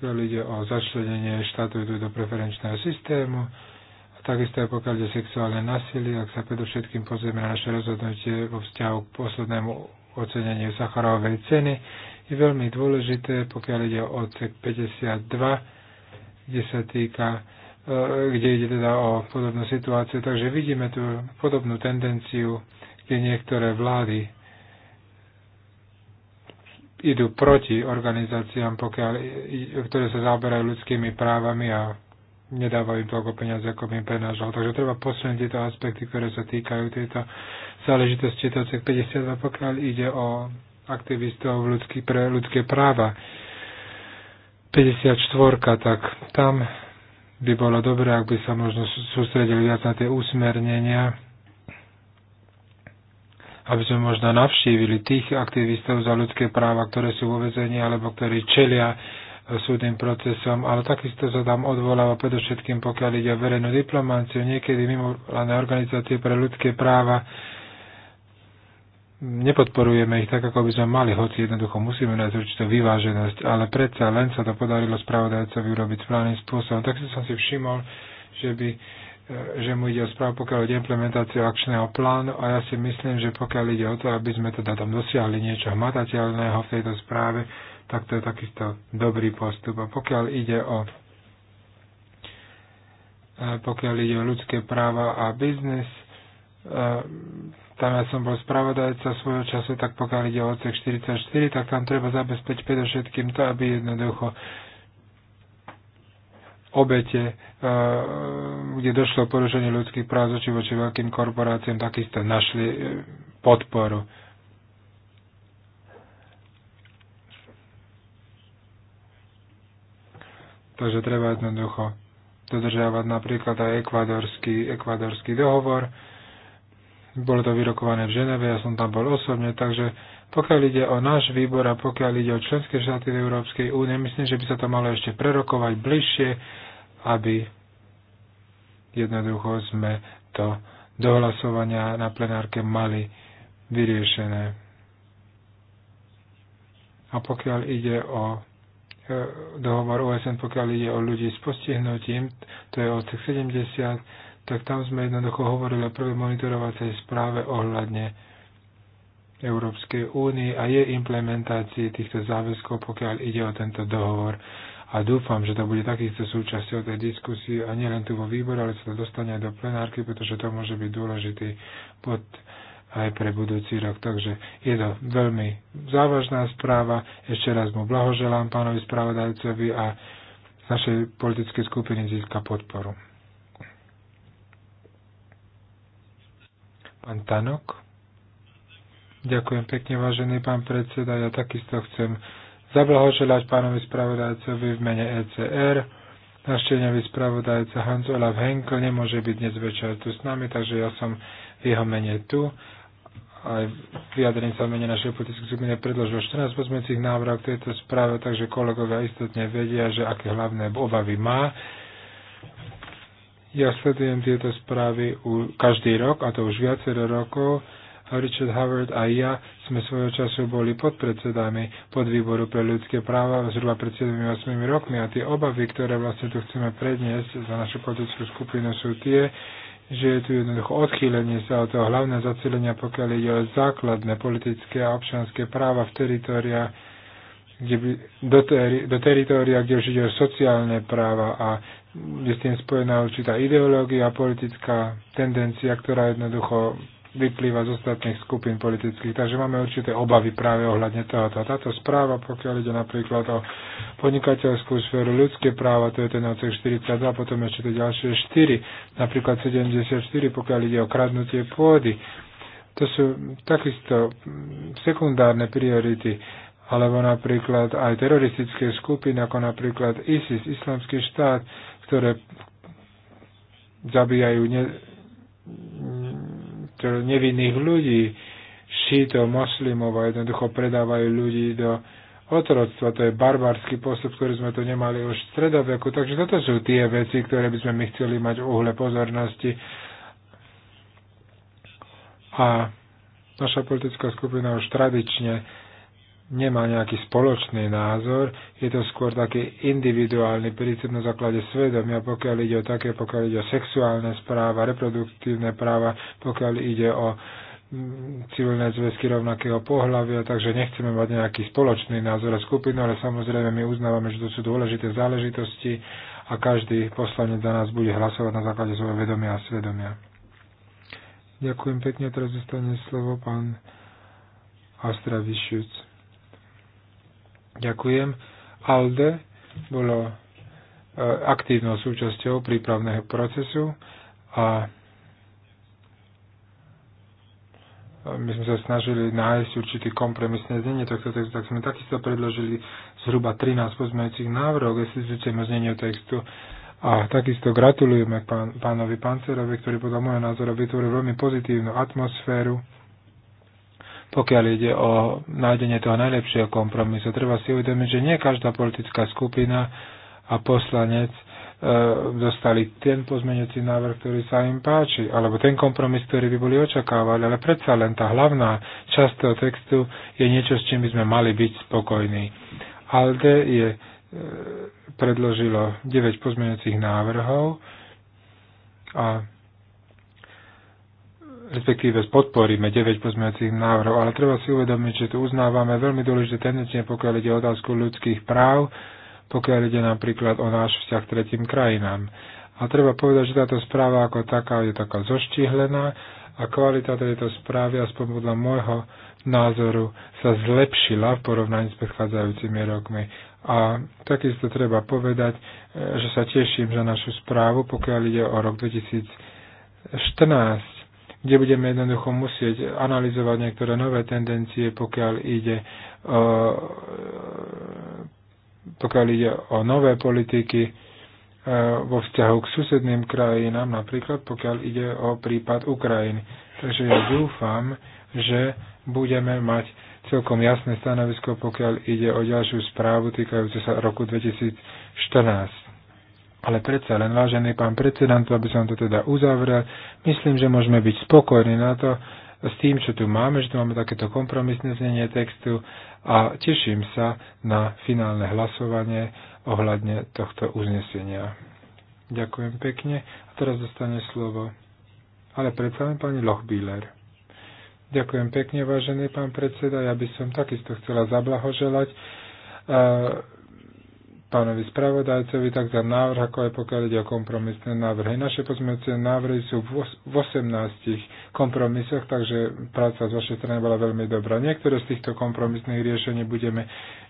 pokiaľ ide o začlenenie štátu do preferenčného systému, a takisto aj pokiaľ ide sexuálne násilie, ak sa predovšetkým pozrieme na naše rozhodnutie vo vzťahu k poslednému ocenenie Sacharovej ceny, je veľmi dôležité, pokiaľ ide o odsek 52, kde sa týka e, kde ide teda o podobnú situáciu. Takže vidíme tu podobnú tendenciu, kde niektoré vlády idú proti organizáciám, pokiaľ, ktoré sa zaoberajú ľudskými právami a nedávajú toľko peniaze, ako by im prenážalo. Takže treba posunúť tieto aspekty, ktoré sa týkajú tejto záležitosti je to cek 52, pokiaľ ide o aktivistov ľudský, pre ľudské práva. 54, tak tam by bolo dobré, ak by sa možno sústredili viac na tie usmernenia, aby sme možno navštívili tých aktivistov za ľudské práva, ktoré sú vo vezení alebo ktorí čelia e, súdnym procesom, ale takisto sa tam odvoláva predovšetkým, pokiaľ ide o verejnú diplomáciu, niekedy mimo organizácie pre ľudské práva nepodporujeme ich tak, ako by sme mali, hoci jednoducho musíme nájsť určitú vyváženosť, ale predsa len sa to podarilo spravodajcovi urobiť správnym spôsobom. Tak som si všimol, že by e, že mu ide o správu, pokiaľ ide implementáciu akčného plánu a ja si myslím, že pokiaľ ide o to, aby sme teda tam dosiahli niečo hmatateľného v tejto správe, tak to je takisto dobrý postup. A pokiaľ ide o e, pokiaľ ide o ľudské práva a biznis, tam ja som bol spravodajca svojho času, tak pokiaľ ide o odsek 44, tak tam treba zabezpečiť predovšetkým to, aby jednoducho obete, kde došlo porušenie ľudských práv voči voči veľkým korporáciám, takisto našli e, podporu. Takže treba jednoducho dodržiavať napríklad aj ekvadorský, ekvadorský dohovor, bolo to vyrokované v Ženeve, ja som tam bol osobne, takže pokiaľ ide o náš výbor a pokiaľ ide o členské štáty v Európskej únie, myslím, že by sa to malo ešte prerokovať bližšie, aby jednoducho sme to do na plenárke mali vyriešené. A pokiaľ ide o e, dohovor OSN, pokiaľ ide o ľudí s postihnutím, to je od 70, tak tam sme jednoducho hovorili o prvej monitorovacej správe ohľadne Európskej únie a jej implementácii týchto záväzkov, pokiaľ ide o tento dohovor. A dúfam, že to bude takisto súčasťou tej diskusie a nielen tu vo výbore, ale sa to dostane aj do plenárky, pretože to môže byť dôležitý pod aj pre budúci rok. Takže je to veľmi závažná správa. Ešte raz mu blahoželám pánovi spravodajcovi a našej politickej skupiny získa podporu. Pán Tanok. Ďakujem pekne, vážený pán predseda. Ja takisto chcem zablahoželať pánovi spravodajcovi v mene ECR. Naštevňový spravodajca Hans Olaf Henkel nemôže byť dnes večer tu s nami, takže ja som v jeho mene tu. Aj vyjadrením sa v mene našej politické skupiny predložil 14 pozmecích návrhov k tejto správe, takže kolegovia istotne vedia, že aké hlavné obavy má ja sledujem tieto správy u, každý rok, a to už viacero rokov. Richard Howard a ja sme svojho času boli podpredsedami podvýboru pre ľudské práva zhruba pred 7-8 rokmi a tie obavy, ktoré vlastne tu chceme predniesť za našu politickú skupinu sú tie, že je tu jednoducho odchýlenie sa od toho hlavné zacelenia, pokiaľ ide o základné politické a občanské práva v teritoriách, kde by, do, teri, do teritória, kde už ide o sociálne práva a je s tým spojená určitá ideológia, politická tendencia, ktorá jednoducho vyplýva z ostatných skupín politických. Takže máme určité obavy práve ohľadne tohoto. Táto správa, pokiaľ ide napríklad o podnikateľskú sféru ľudské práva, to je ten odsek 42, potom ešte to ďalšie 4, napríklad 74, pokiaľ ide o kradnutie pôdy. To sú takisto sekundárne priority alebo napríklad aj teroristické skupiny, ako napríklad ISIS, Islamský štát, ktoré zabíjajú ne, nevinných ľudí, šíto, moslimov a jednoducho predávajú ľudí do otroctva. To je barbarský postup, ktorý sme tu nemali už v stredoveku. Takže toto sú tie veci, ktoré by sme my chceli mať v uhle pozornosti. A naša politická skupina už tradične nemá nejaký spoločný názor, je to skôr taký individuálny princíp na základe svedomia, pokiaľ ide o také, pokiaľ ide o sexuálne správa, reproduktívne práva, pokiaľ ide o mm, civilné zväzky rovnakého pohľavia, takže nechceme mať nejaký spoločný názor a skupinu, ale samozrejme my uznávame, že to sú dôležité záležitosti a každý poslanec za nás bude hlasovať na základe svojho vedomia a svedomia. Ďakujem pekne, teraz zostane slovo pán Astra Vyšiuc. Ďakujem. ALDE bolo e, aktívnou súčasťou prípravného procesu a my sme sa snažili nájsť určitý kompromisné znenie tohto textu, tak sme takisto predložili zhruba 13 pozmeňujúcich návrhov k existujúcemu zneniu textu. A takisto gratulujeme pán, pánovi Pancerovi, ktorý podľa môjho názoru vytvoril veľmi pozitívnu atmosféru pokiaľ ide o nájdenie toho najlepšieho kompromisu. Treba si uvedomiť, že nie každá politická skupina a poslanec e, dostali ten pozmeňujúci návrh, ktorý sa im páči, alebo ten kompromis, ktorý by boli očakávali, ale predsa len tá hlavná časť toho textu je niečo, s čím by sme mali byť spokojní. ALDE je, e, predložilo 9 pozmeňujúcich návrhov a respektíve podporíme 9 pozmeňujúcich návrhov, ale treba si uvedomiť, že tu uznávame veľmi dôležité tendencie, pokiaľ ide o otázku ľudských práv, pokiaľ ide napríklad o náš vzťah k tretím krajinám. A treba povedať, že táto správa ako taká je taká zoštihlená a kvalita tejto správy, aspoň podľa môjho názoru, sa zlepšila v porovnaní s predchádzajúcimi rokmi. A takisto treba povedať, e, že sa teším za našu správu, pokiaľ ide o rok 2014 kde budeme jednoducho musieť analyzovať niektoré nové tendencie, pokiaľ ide o, e, pokiaľ ide o nové politiky e, vo vzťahu k susedným krajinám, napríklad pokiaľ ide o prípad Ukrajiny. Takže ja dúfam, že budeme mať celkom jasné stanovisko, pokiaľ ide o ďalšiu správu týkajúce sa roku 2014. Ale predsa len, vážený pán predsedant, aby som to teda uzavrel, myslím, že môžeme byť spokojní na to, s tým, čo tu máme, že tu máme takéto kompromisné znenie textu a teším sa na finálne hlasovanie ohľadne tohto uznesenia. Ďakujem pekne a teraz dostane slovo. Ale predsa len pani Lochbíler. Ďakujem pekne, vážený pán predseda. Ja by som takisto chcela zablahoželať eh, pánovi spravodajcovi, tak za návrh, ako aj pokiaľ ide o kompromisné návrhy. Naše pozmeňujúce návrhy sú v 18 kompromisoch, takže práca z vašej strany bola veľmi dobrá. Niektoré z týchto kompromisných riešení budeme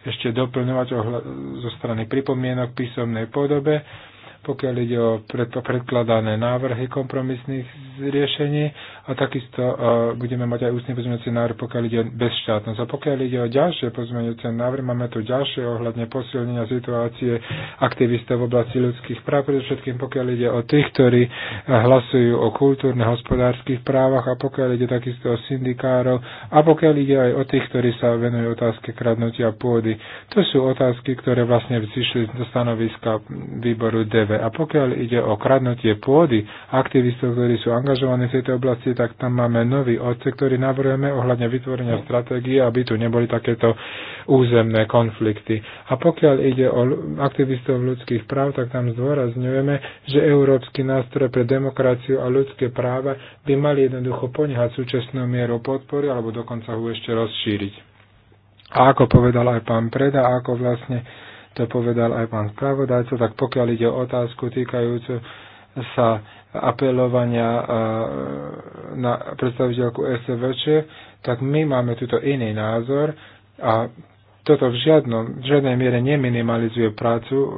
ešte doplňovať zo strany pripomienok písomnej podobe pokiaľ ide o predkladané návrhy kompromisných riešení a takisto e, budeme mať aj ústne pozmeňujúce návrhy, pokiaľ ide o bezštátnosť. A pokiaľ ide o ďalšie pozmeňujúce návrhy, máme tu ďalšie ohľadne posilnenia situácie aktivistov v oblasti ľudských práv, predovšetkým pokiaľ ide o tých, ktorí e, hlasujú o kultúrne-hospodárskych právach a pokiaľ ide takisto o syndikárov a pokiaľ ide aj o tých, ktorí sa venujú otázke kradnutia pôdy. To sú otázky, ktoré vlastne vzýšli do stanoviska výboru DV. Kieve. A pokiaľ ide o kradnutie pôdy aktivistov, ktorí sú angažovaní v tejto oblasti, tak tam máme nový odsek, ktorý navrhujeme ohľadne vytvorenia stratégie, aby tu neboli takéto územné konflikty. A pokiaľ ide o aktivistov ľudských práv, tak tam zdôrazňujeme, že Európsky nástroj pre demokraciu a ľudské práva by mali jednoducho poňhať súčasnú mieru podpory alebo dokonca ho ešte rozšíriť. A ako povedal aj pán Preda, ako vlastne to povedal aj pán spravodajca, tak pokiaľ ide o otázku týkajúcu sa apelovania e, na predstaviteľku SVČ, tak my máme tuto iný názor a toto v, žiadnom, v žiadnej miere neminimalizuje prácu e,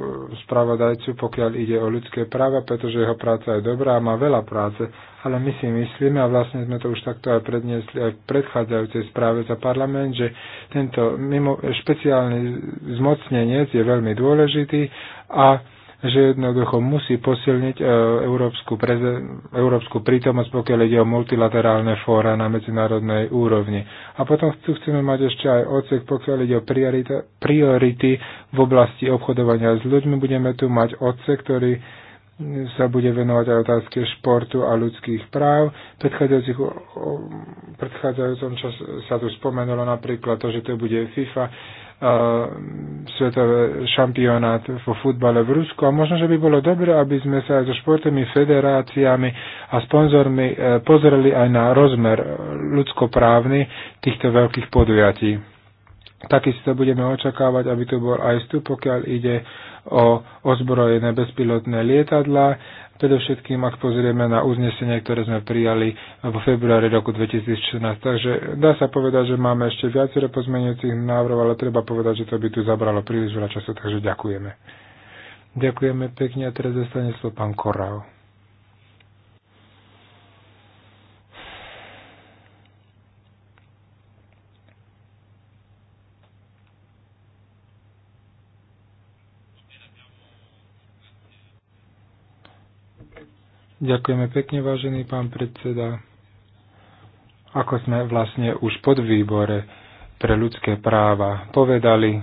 spravodajcu, pokiaľ ide o ľudské práva, pretože jeho práca je dobrá a má veľa práce, ale my si myslíme, a vlastne sme to už takto aj predniesli aj v predchádzajúcej správe za parlament, že tento mimo, špeciálny zmocnenec je veľmi dôležitý a že jednoducho musí posilniť e, európsku, európsku prítomnosť, pokiaľ ide o multilaterálne fóra na medzinárodnej úrovni. A potom tu chceme mať ešte aj odsek, pokiaľ ide o priorita- priority v oblasti obchodovania s ľuďmi. Budeme tu mať odsek, ktorý sa bude venovať aj otázke športu a ľudských práv. V predchádzajúcom čas sa tu spomenulo napríklad to, že to bude FIFA svetový šampionát vo futbale v Rusku a možno, že by bolo dobre, aby sme sa aj so športovými federáciami a sponzormi e, pozreli aj na rozmer ľudskoprávny týchto veľkých podujatí. Takisto budeme očakávať, aby tu bol aj vstup, pokiaľ ide o ozbrojené bezpilotné lietadla. Predovšetkým, ak pozrieme na uznesenie, ktoré sme prijali vo februári roku 2014. Takže dá sa povedať, že máme ešte viacero pozmeňujúcich návrhov, ale treba povedať, že to by tu zabralo príliš veľa času, takže ďakujeme. Ďakujeme pekne a teraz dostane slovo pán Korau. Ďakujeme pekne, vážený pán predseda. Ako sme vlastne už pod výbore pre ľudské práva povedali,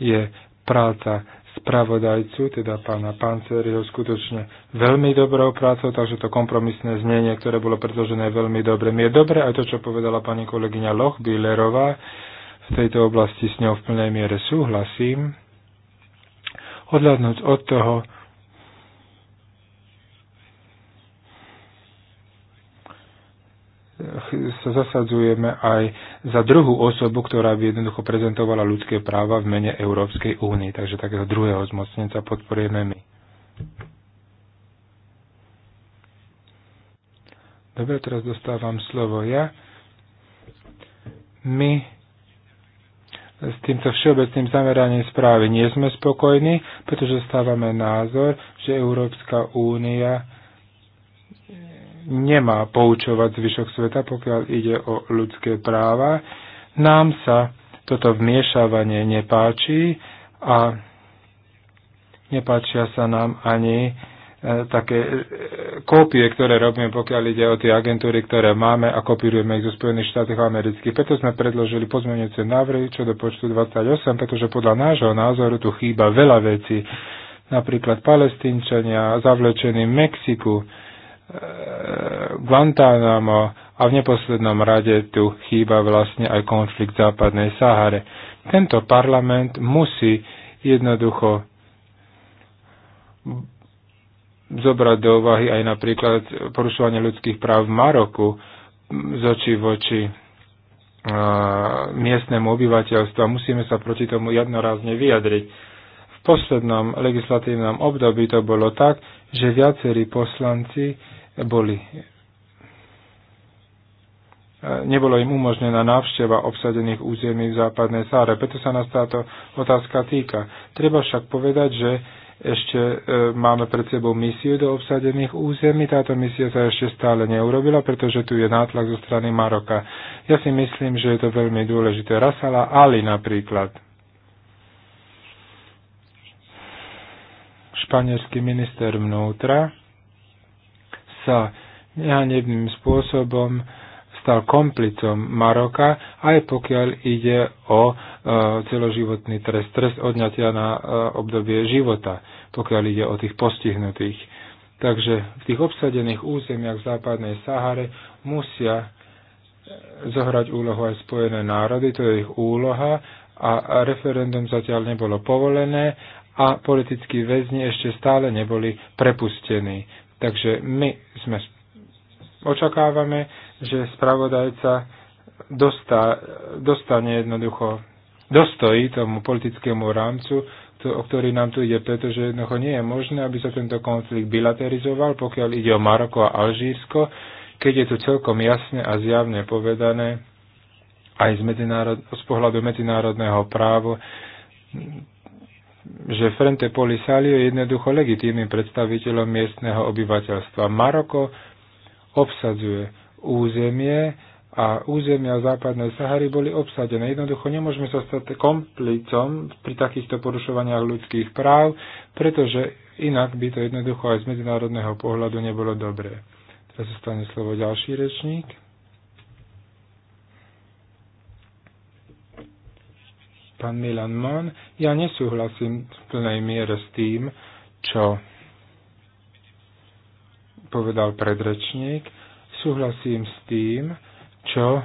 je práca spravodajcu, teda pána je skutočne veľmi dobrou prácou, takže to kompromisné znenie, ktoré bolo predložené veľmi dobre. Mi je dobre aj to, čo povedala pani kolegyňa Loch Bílerová, v tejto oblasti s ňou v plnej miere súhlasím. Odhľadnúť od toho, sa zasadzujeme aj za druhú osobu, ktorá by jednoducho prezentovala ľudské práva v mene Európskej únie. Takže takého druhého zmocnenca podporujeme my. Dobre, teraz dostávam slovo ja. My s týmto všeobecným zameraním správy nie sme spokojní, pretože stávame názor, že Európska únia nemá poučovať zvyšok sveta, pokiaľ ide o ľudské práva. Nám sa toto vmiešavanie nepáči a nepáčia sa nám ani e, také e, kópie, ktoré robíme, pokiaľ ide o tie agentúry, ktoré máme a kopírujeme ich zo Spojených štátov amerických. Preto sme predložili pozmeňujúce návrhy čo do počtu 28, pretože podľa nášho názoru tu chýba veľa vecí. Napríklad palestínčania, zavlečení v Mexiku, Eh, Guantánamo a v neposlednom rade tu chýba vlastne aj konflikt západnej Sahare. Tento parlament musí jednoducho zobrať do úvahy aj napríklad porušovanie ľudských práv v Maroku z očí voči eh, miestnemu obyvateľstvu a musíme sa proti tomu jednorázne vyjadriť. V poslednom legislatívnom období to bolo tak, že viacerí poslanci boli e, nebolo im umožnená návšteva obsadených území v západnej Sáre. Preto sa nás táto otázka týka. Treba však povedať, že ešte e, máme pred sebou misiu do obsadených území. Táto misia sa ešte stále neurobila, pretože tu je nátlak zo strany Maroka. Ja si myslím, že je to veľmi dôležité. Rasala Ali napríklad. Španielský minister vnútra sa nehanebným spôsobom stal komplicom Maroka, aj pokiaľ ide o e, celoživotný trest, trest odňatia na e, obdobie života, pokiaľ ide o tých postihnutých. Takže v tých obsadených územiach v západnej Sahare musia e, zohrať úlohu aj Spojené národy, to je ich úloha a referendum zatiaľ nebolo povolené a politickí väzni ešte stále neboli prepustení. Takže my sme očakávame, že spravodajca dostá, dostane jednoducho, dostojí tomu politickému rámcu, to, o ktorý nám tu ide, pretože jednoducho nie je možné, aby sa tento konflikt bilaterizoval, pokiaľ ide o Maroko a Alžírsko, keď je tu celkom jasne a zjavne povedané aj z, z pohľadu medzinárodného práva že Frente Polisario je jednoducho legitímnym predstaviteľom miestneho obyvateľstva. Maroko obsadzuje územie a územia západnej Sahary boli obsadené. Jednoducho nemôžeme sa stať komplicom pri takýchto porušovaniach ľudských práv, pretože inak by to jednoducho aj z medzinárodného pohľadu nebolo dobré. Teraz zostane slovo ďalší rečník. pán Milan Mon, ja nesúhlasím v plnej miere s tým, čo povedal predrečník. Súhlasím s tým, čo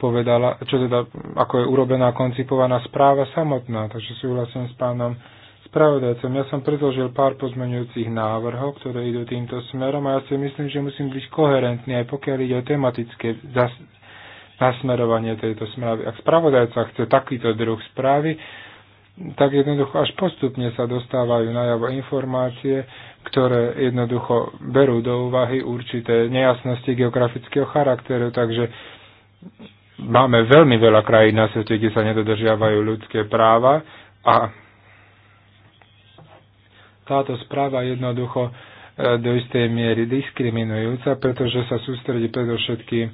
povedala, čo teda, ako je urobená koncipovaná správa samotná, takže súhlasím s pánom spravodajcom. Ja som predložil pár pozmeňujúcich návrhov, ktoré idú týmto smerom a ja si myslím, že musím byť koherentný, aj pokiaľ ide o tematické nasmerovanie tejto správy. Ak spravodajca chce takýto druh správy, tak jednoducho až postupne sa dostávajú najavo informácie, ktoré jednoducho berú do úvahy určité nejasnosti geografického charakteru, takže máme veľmi veľa krajín na svete, kde sa nedodržiavajú ľudské práva a táto správa jednoducho e, do istej miery diskriminujúca, pretože sa sústredí predovšetkým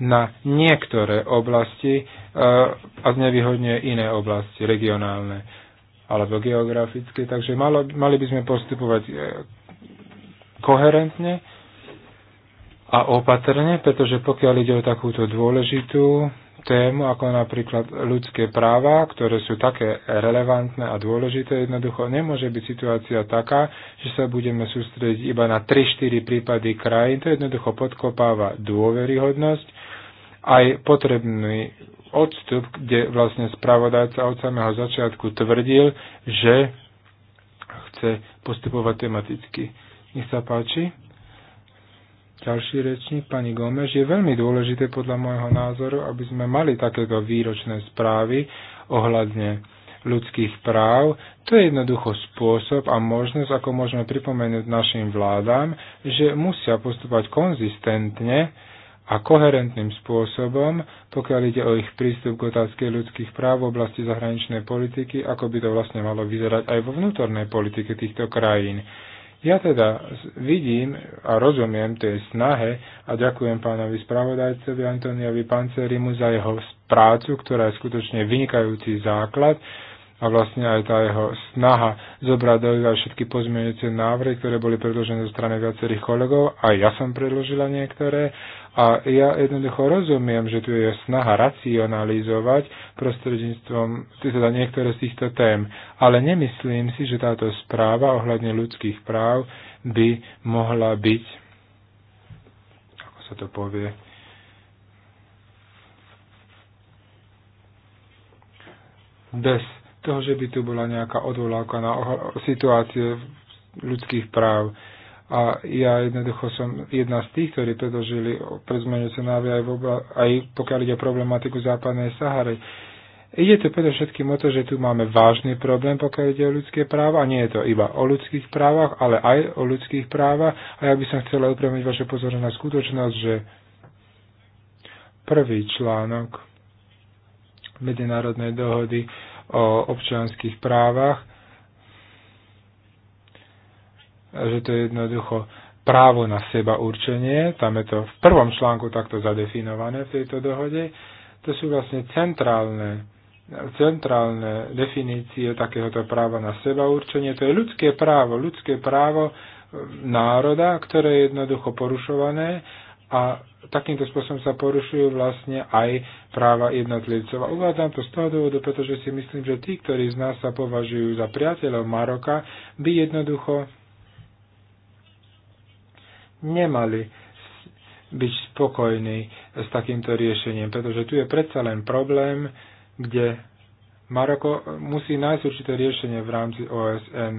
na niektoré oblasti e, a znevýhodňuje iné oblasti regionálne alebo geografické. Takže malo, mali by sme postupovať e, koherentne a opatrne, pretože pokiaľ ide o takúto dôležitú tému, ako napríklad ľudské práva, ktoré sú také relevantné a dôležité, jednoducho nemôže byť situácia taká, že sa budeme sústrediť iba na 3-4 prípady krajín. To jednoducho podkopáva dôveryhodnosť aj potrebný odstup, kde vlastne spravodajca od samého začiatku tvrdil, že chce postupovať tematicky. Nech sa páči. Ďalší rečník, pani Gomez, je veľmi dôležité podľa môjho názoru, aby sme mali takéto výročné správy ohľadne ľudských práv. To je jednoducho spôsob a možnosť, ako môžeme pripomenúť našim vládám, že musia postupovať konzistentne a koherentným spôsobom, pokiaľ ide o ich prístup k otázke ľudských práv v oblasti zahraničnej politiky, ako by to vlastne malo vyzerať aj vo vnútornej politike týchto krajín. Ja teda vidím a rozumiem tej snahe a ďakujem pánovi spravodajcovi Antoniovi Pancerimu za jeho prácu, ktorá je skutočne vynikajúci základ a vlastne aj tá jeho snaha zobrať do všetky pozmeňujúce návrhy, ktoré boli predložené zo strany viacerých kolegov, a ja som predložila niektoré a ja jednoducho rozumiem, že tu je snaha racionalizovať prostredníctvom teda niektoré z týchto tém, ale nemyslím si, že táto správa ohľadne ľudských práv by mohla byť, ako sa to povie, bez toho, že by tu bola nejaká odvolávka na situácie ľudských práv. A ja jednoducho som jedna z tých, ktorí predložili predzmenu návrhy aj, obla- aj pokiaľ ide o problematiku západnej Sahary. Ide to predovšetkým o to, že tu máme vážny problém, pokiaľ ide o ľudské práva. A nie je to iba o ľudských právach, ale aj o ľudských právach. A ja by som chcela upriamiť vašu pozornosť na skutočnosť, že prvý článok medzinárodnej dohody o občianských právach, že to je jednoducho právo na seba určenie, tam je to v prvom článku takto zadefinované v tejto dohode, to sú vlastne centrálne, centrálne definície takéhoto práva na seba určenie, to je ľudské právo, ľudské právo národa, ktoré je jednoducho porušované a takýmto spôsobom sa porušujú vlastne aj práva jednotlivcov. A uvádzam to z toho dôvodu, pretože si myslím, že tí, ktorí z nás sa považujú za priateľov Maroka, by jednoducho nemali byť spokojní s takýmto riešením, pretože tu je predsa len problém, kde Maroko musí nájsť určité riešenie v rámci OSN,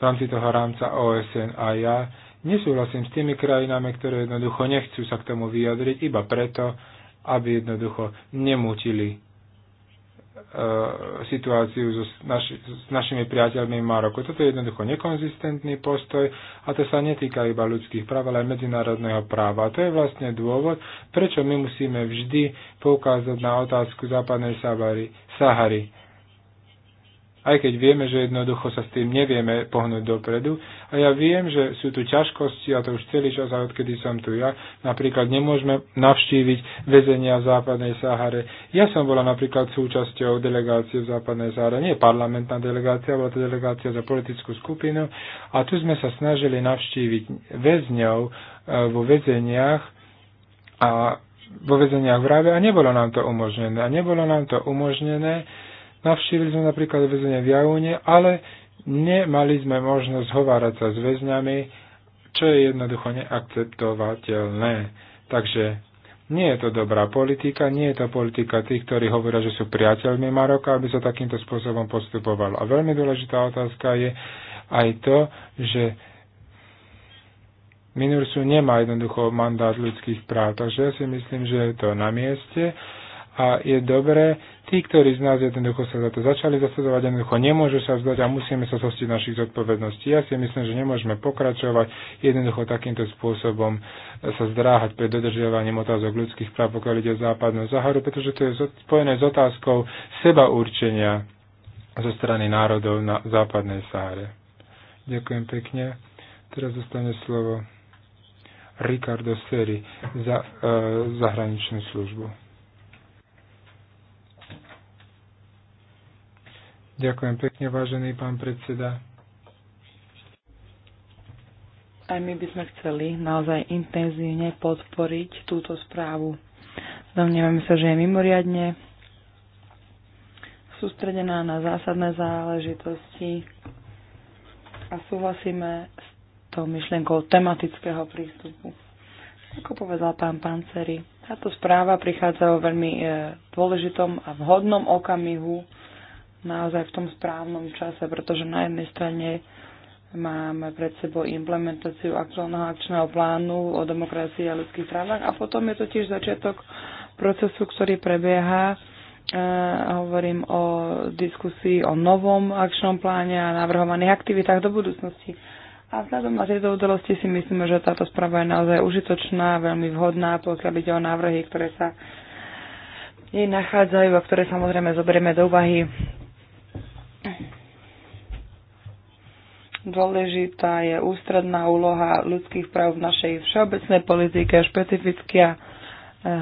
v rámci toho rámca OSN a ja Nesúhlasím s tými krajinami, ktoré jednoducho nechcú sa k tomu vyjadriť iba preto, aby jednoducho nemútili e, situáciu so naši, s našimi priateľmi v Maroku. Toto je jednoducho nekonzistentný postoj a to sa netýka iba ľudských práv, ale aj medzinárodného práva. A to je vlastne dôvod, prečo my musíme vždy poukázať na otázku západnej Sahary. Sahary aj keď vieme, že jednoducho sa s tým nevieme pohnúť dopredu. A ja viem, že sú tu ťažkosti, a to už celý čas, aj odkedy som tu ja, napríklad nemôžeme navštíviť väzenia v západnej Sahare. Ja som bola napríklad súčasťou delegácie v západnej Sahare, nie parlamentná delegácia, bola to delegácia za politickú skupinu, a tu sme sa snažili navštíviť väzňov e, vo väzeniach a vo väzeniach v Rave a nebolo nám to umožnené. A nebolo nám to umožnené, Navštívili sme napríklad väzenie v Jaune, ale nemali sme možnosť hovárať sa s väzňami, čo je jednoducho neakceptovateľné. Takže nie je to dobrá politika, nie je to politika tých, ktorí hovoria, že sú priateľmi Maroka, aby sa takýmto spôsobom postupovalo. A veľmi dôležitá otázka je aj to, že Minursu nemá jednoducho mandát ľudských práv, takže ja si myslím, že je to na mieste a je dobré, tí, ktorí z nás jednoducho sa za to začali zasadovať, jednoducho nemôžu sa vzdať a musíme sa zostiť našich zodpovedností. Ja si myslím, že nemôžeme pokračovať jednoducho takýmto spôsobom sa zdráhať pred dodržiavaním otázok ľudských práv, pokiaľ ide o západnú Zaharu, pretože to je spojené s otázkou seba určenia zo strany národov na západnej Sahare. Ďakujem pekne. Teraz zostane slovo Ricardo Seri za e, zahraničnú službu. Ďakujem pekne, vážený pán predseda. Aj my by sme chceli naozaj intenzívne podporiť túto správu. Domnievame sa, že je mimoriadne sústredená na zásadné záležitosti a súhlasíme s tou myšlienkou tematického prístupu. Ako povedal pán Panceri, táto správa prichádza o veľmi e, dôležitom a vhodnom okamihu naozaj v tom správnom čase, pretože na jednej strane máme pred sebou implementáciu aktuálneho akčného plánu o demokracii a ľudských právach a potom je to tiež začiatok procesu, ktorý prebieha. E, hovorím o diskusii o novom akčnom pláne a navrhovaných aktivitách do budúcnosti. A vzhľadom na tieto udalosti si myslíme, že táto správa je naozaj užitočná, veľmi vhodná, pokiaľ ide o návrhy, ktoré sa jej nachádzajú a ktoré samozrejme zoberieme do úvahy Dôležitá je ústredná úloha ľudských práv v našej všeobecnej politike a špecificky a e, e,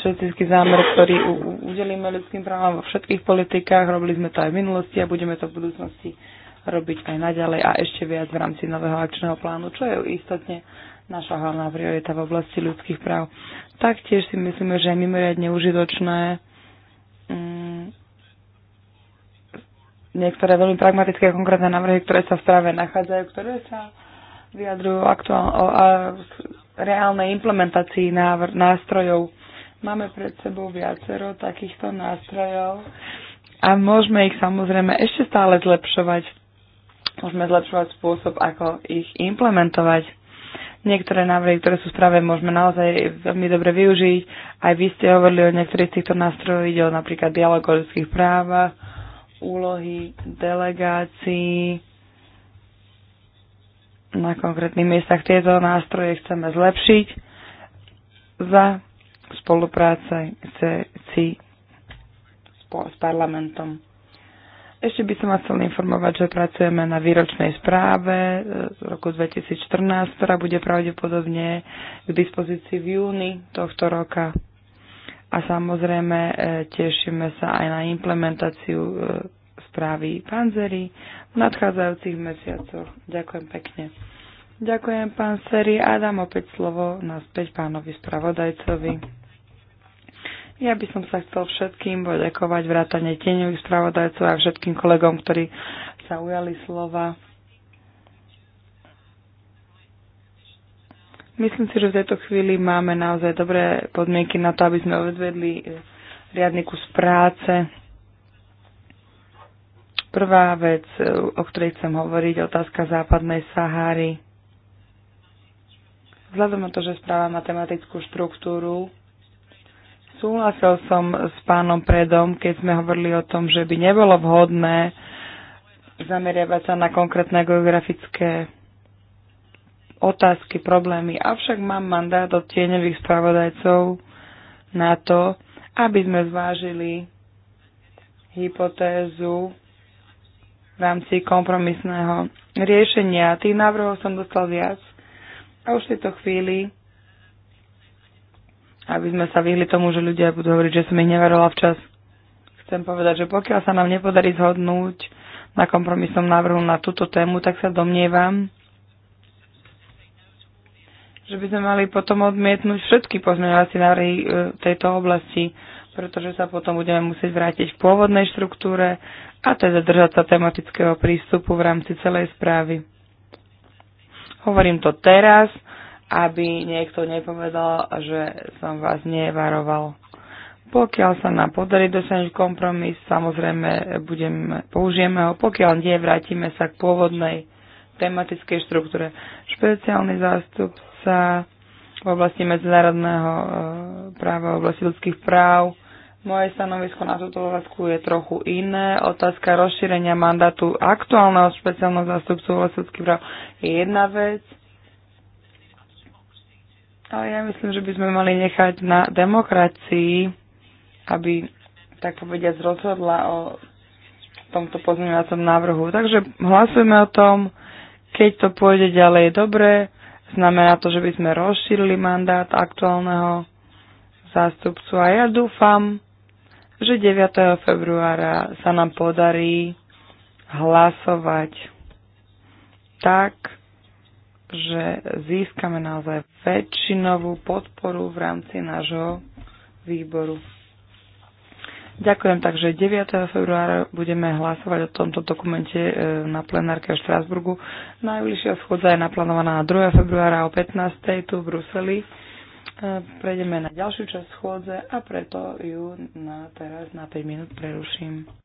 špecifický zámer, ktorý udelíme ľudským právom vo všetkých politikách. Robili sme to aj v minulosti a budeme to v budúcnosti robiť aj naďalej a ešte viac v rámci nového akčného plánu, čo je istotne naša hlavná priorita v oblasti ľudských práv. Taktiež si myslíme, že je mimoriadne užitočné mm, niektoré veľmi pragmatické a konkrétne návrhy, ktoré sa v správe nachádzajú, ktoré sa vyjadrujú aktuál, o, a, reálnej implementácii návr, nástrojov. Máme pred sebou viacero takýchto nástrojov a môžeme ich samozrejme ešte stále zlepšovať. Môžeme zlepšovať spôsob, ako ich implementovať. Niektoré návrhy, ktoré sú správe, môžeme naozaj veľmi dobre využiť. Aj vy ste hovorili o niektorých z týchto nástrojov, ide o napríklad dialog o ľudských právach, úlohy delegácií na konkrétnych miestach. Tieto nástroje chceme zlepšiť za spolupráce si s parlamentom. Ešte by som vás chcel informovať, že pracujeme na výročnej správe z roku 2014, ktorá bude pravdepodobne k dispozícii v júni tohto roka a samozrejme e, tešíme sa aj na implementáciu e, správy Panzery v nadchádzajúcich mesiacoch. Ďakujem pekne. Ďakujem pán Seri a dám opäť slovo naspäť pánovi spravodajcovi. Ja by som sa chcel všetkým poďakovať vrátane tieňových spravodajcov a všetkým kolegom, ktorí sa ujali slova. Myslím si, že v tejto chvíli máme naozaj dobré podmienky na to, aby sme odvedli riadny kus práce. Prvá vec, o ktorej chcem hovoriť, otázka západnej Sahary. Vzhľadom na to, že správa matematickú štruktúru, súhlasil som s pánom Predom, keď sme hovorili o tom, že by nebolo vhodné zameriavať sa na konkrétne geografické otázky, problémy. Avšak mám mandát od tieňových spravodajcov na to, aby sme zvážili hypotézu v rámci kompromisného riešenia. Tých návrhov som dostal viac a už v tejto chvíli, aby sme sa vyhli tomu, že ľudia budú hovoriť, že som ich neverila včas, chcem povedať, že pokiaľ sa nám nepodarí zhodnúť na kompromisnom návrhu na túto tému, tak sa domnievam, že by sme mali potom odmietnúť všetky pozmeňovacie návrhy e, tejto oblasti, pretože sa potom budeme musieť vrátiť k pôvodnej štruktúre a teda držať sa tematického prístupu v rámci celej správy. Hovorím to teraz, aby niekto nepovedal, že som vás nevaroval. Pokiaľ sa nám podarí dosiahnuť kompromis, samozrejme budeme, použijeme ho. Pokiaľ nie, vrátime sa k pôvodnej tematickej štruktúre. Špeciálny zástup sa v oblasti medzinárodného e, práva, v oblasti ľudských práv. Moje stanovisko na túto otázku je trochu iné. Otázka rozšírenia mandátu aktuálneho špeciálneho zástupcu v oblasti ľudských práv je jedna vec. Ale ja myslím, že by sme mali nechať na demokracii, aby tak povediať rozhodla o tomto pozmeňovacom návrhu. Takže hlasujeme o tom, keď to pôjde ďalej dobre, Znamená to, že by sme rozšírili mandát aktuálneho zástupcu a ja dúfam, že 9. februára sa nám podarí hlasovať tak, že získame naozaj väčšinovú podporu v rámci nášho výboru. Ďakujem, takže 9. februára budeme hlasovať o tomto dokumente e, na plenárke v Štrásburgu. Najbližšia schôdza je naplánovaná 2. februára o 15. tu v Bruseli. E, prejdeme na ďalšiu časť schôdze a preto ju na, teraz na 5 minút preruším.